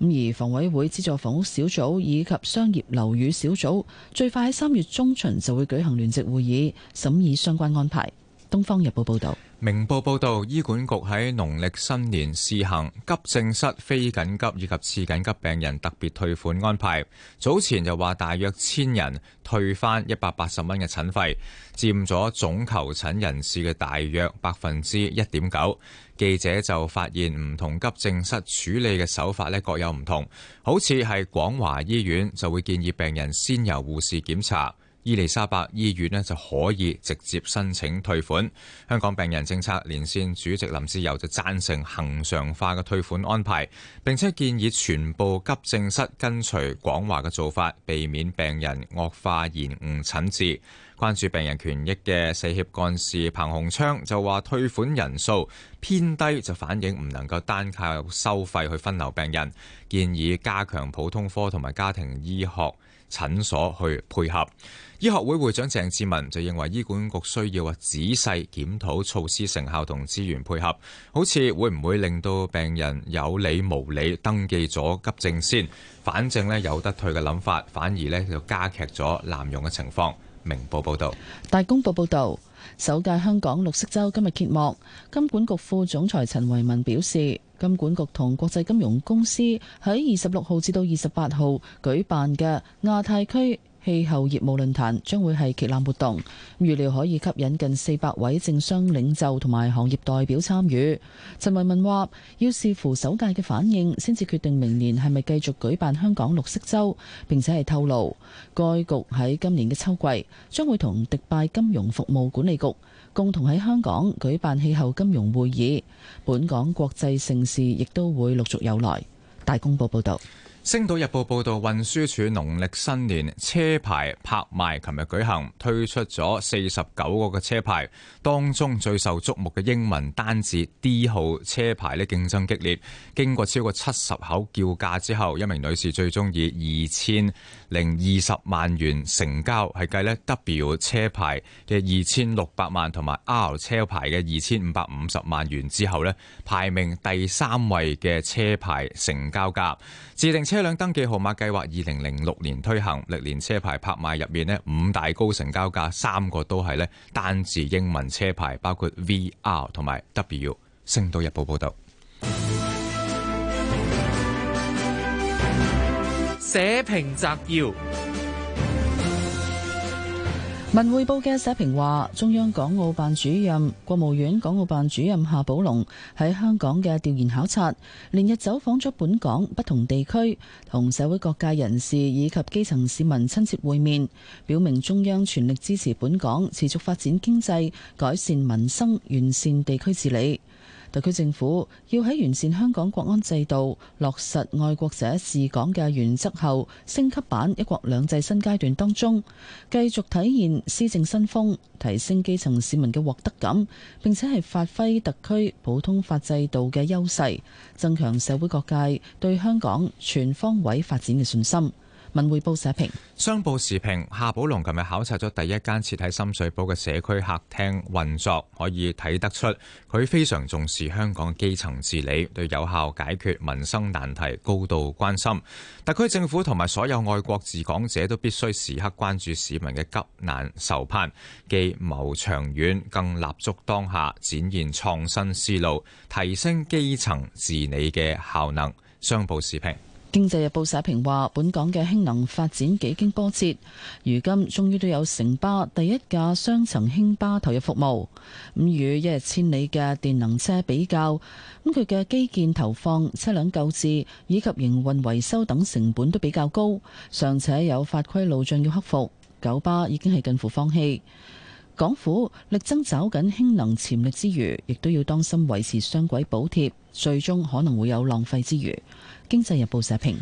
咁而房委會資助房屋小組以及商業樓宇小組最快喺三月中旬就會舉行聯席會議，審議相關安排。東方日報報道，明報報道，醫管局喺農曆新年試行急症室非緊急以及次緊急病人特別退款安排。早前又話大約千人退翻一百八十蚊嘅診費，佔咗總求診人士嘅大約百分之一點九。記者就發現唔同急症室處理嘅手法咧各有唔同，好似係廣華醫院就會建議病人先由護士檢查，伊利沙伯醫院咧就可以直接申請退款。香港病人政策連線主席林志友就贊成恒常化嘅退款安排，並且建議全部急症室跟隨廣華嘅做法，避免病人惡化延誤診治。關注病人權益嘅四協幹事彭洪昌就話：退款人數偏低，就反映唔能夠單靠收費去分流病人，建議加強普通科同埋家庭醫學診所去配合。醫學會會長鄭志文就認為醫管局需要話仔細檢討措施成效同資源配合，好似會唔會令到病人有理無理登記咗急症先，反正呢，有得退嘅諗法，反而呢就加劇咗濫用嘅情況。明報報道，大公報報道，首屆香港綠色周今日揭幕。金管局副總裁陳維民表示，金管局同國際金融公司喺二十六號至到二十八號舉辦嘅亞太區。氣候業務論壇將會係旗艦活動，預料可以吸引近四百位政商領袖同埋行業代表參與。陳文敏話：要視乎首屆嘅反應，先至決定明年係咪繼續舉辦香港綠色週。並且係透露，該局喺今年嘅秋季將會同迪拜金融服務管理局共同喺香港舉辦氣候金融會議。本港國際盛事亦都會陸續有來。大公報報導。星島日報報道，運輸署農曆新年車牌拍賣琴日舉行，推出咗四十九個嘅車牌，當中最受矚目嘅英文單字 D 號車牌呢競爭激烈，經過超過七十口叫價之後，一名女士最終以二千。零二十萬元成交，係計咧 W 車牌嘅二千六百萬，同埋 R 車牌嘅二千五百五十萬元之後呢，排名第三位嘅車牌成交價。自定車輛登記號碼計劃二零零六年推行，歷年車牌拍賣入面呢，五大高成交價三個都係呢單字英文車牌，包括 VR 同埋 W。星島日報報導。社評摘要：文匯報嘅社評話，中央港澳辦主任、國務院港澳辦主任夏寶龍喺香港嘅調研考察，連日走訪咗本港不同地區，同社會各界人士以及基層市民親切會面，表明中央全力支持本港持續發展經濟、改善民生、完善地區治理。特區政府要喺完善香港國安制度、落實愛國者治港嘅原則後，升級版一國兩制新階段當中，繼續體現施政新風，提升基層市民嘅獲得感，並且係發揮特區普通法制度嘅優勢，增強社會各界對香港全方位發展嘅信心。文匯報社評，商報時評。夏寶龍琴日考察咗第一間設喺深水埗嘅社區客廳運作，可以睇得出佢非常重視香港基層治理，對有效解決民生難題高度關心。特區政府同埋所有愛國治港者都必須時刻關注市民嘅急難愁盼，既謀長遠，更立足當下，展現創新思路，提升基層治理嘅效能。商報時評。經濟日報社評話，本港嘅氫能發展幾經波折，如今終於都有城巴第一架雙層氫巴投入服務。咁與一日千里嘅電能車比較，咁佢嘅基建投放、車輛購置以及營運維修等成本都比較高，尚且有法規路障要克服。九巴已經係近乎放棄。港府力爭找緊氫能潛力之餘，亦都要當心維持雙軌補貼，最終可能會有浪費之餘。經濟日報社評，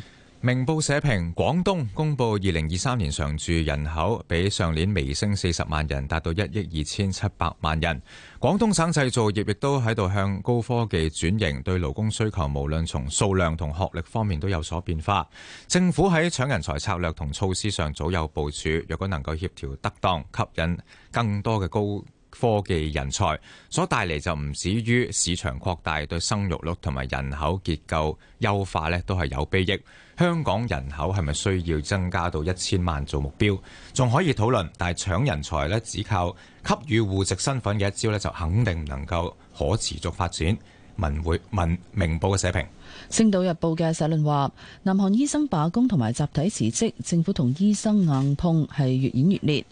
明報社評，廣東公布二零二三年常住人口比上年微升四十萬人，達到一億二千七百萬人。廣東省製造業亦都喺度向高科技轉型，對勞工需求無論從數量同學歷方面都有所變化。政府喺搶人才策略同措施上早有部署，若果能夠協調得當，吸引更多嘅高科技人才所帶嚟就唔止於市場擴大，對生育率同埋人口結構優化咧都係有裨益。香港人口係咪需要增加到一千萬做目標仲可以討論，但係搶人才咧只靠給予戶籍身份嘅一招咧就肯定唔能夠可持續發展。文匯文明報嘅社評。星島日報嘅社論話，南韓醫生罷工同埋集體辭職，政府同醫生硬碰係越演越烈。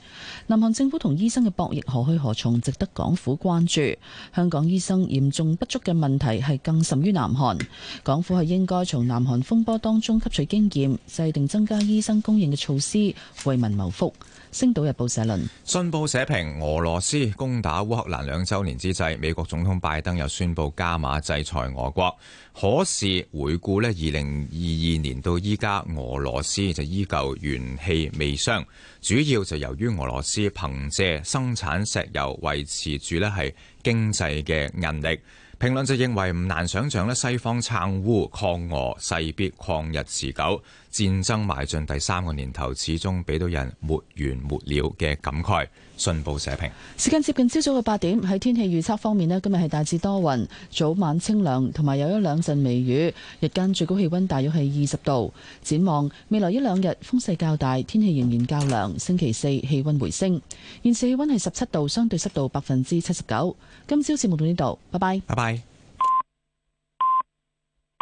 南韓政府同醫生嘅博弈何去何從，值得港府關注。香港醫生嚴重不足嘅問題係更甚於南韓，港府係應該從南韓風波當中吸取經驗，制定增加醫生供應嘅措施，為民謀福。《星島日報社論》社論：信報社評，俄羅斯攻打烏克蘭兩周年之際，美國總統拜登又宣布加碼制裁俄國。可是回顧呢，二零二二年到依家，俄羅斯就依舊元氣未傷，主要就由於俄羅斯憑借生產石油維持住呢係經濟嘅韌力。評論就認為唔難想象咧，西方撐烏抗俄勢必曠日持久。戰爭邁進第三個年頭，始終俾到人沒完沒了嘅感慨。信報社評。時間接近朝早嘅八點，喺天氣預測方面呢，今日係大致多雲，早晚清涼，同埋有一兩陣微雨。日間最高氣溫大約係二十度。展望未來一兩日，風勢較大，天氣仍然較涼。星期四氣溫回升。現時氣溫係十七度，相對濕度百分之七十九。今朝節目到呢度，拜拜。拜拜。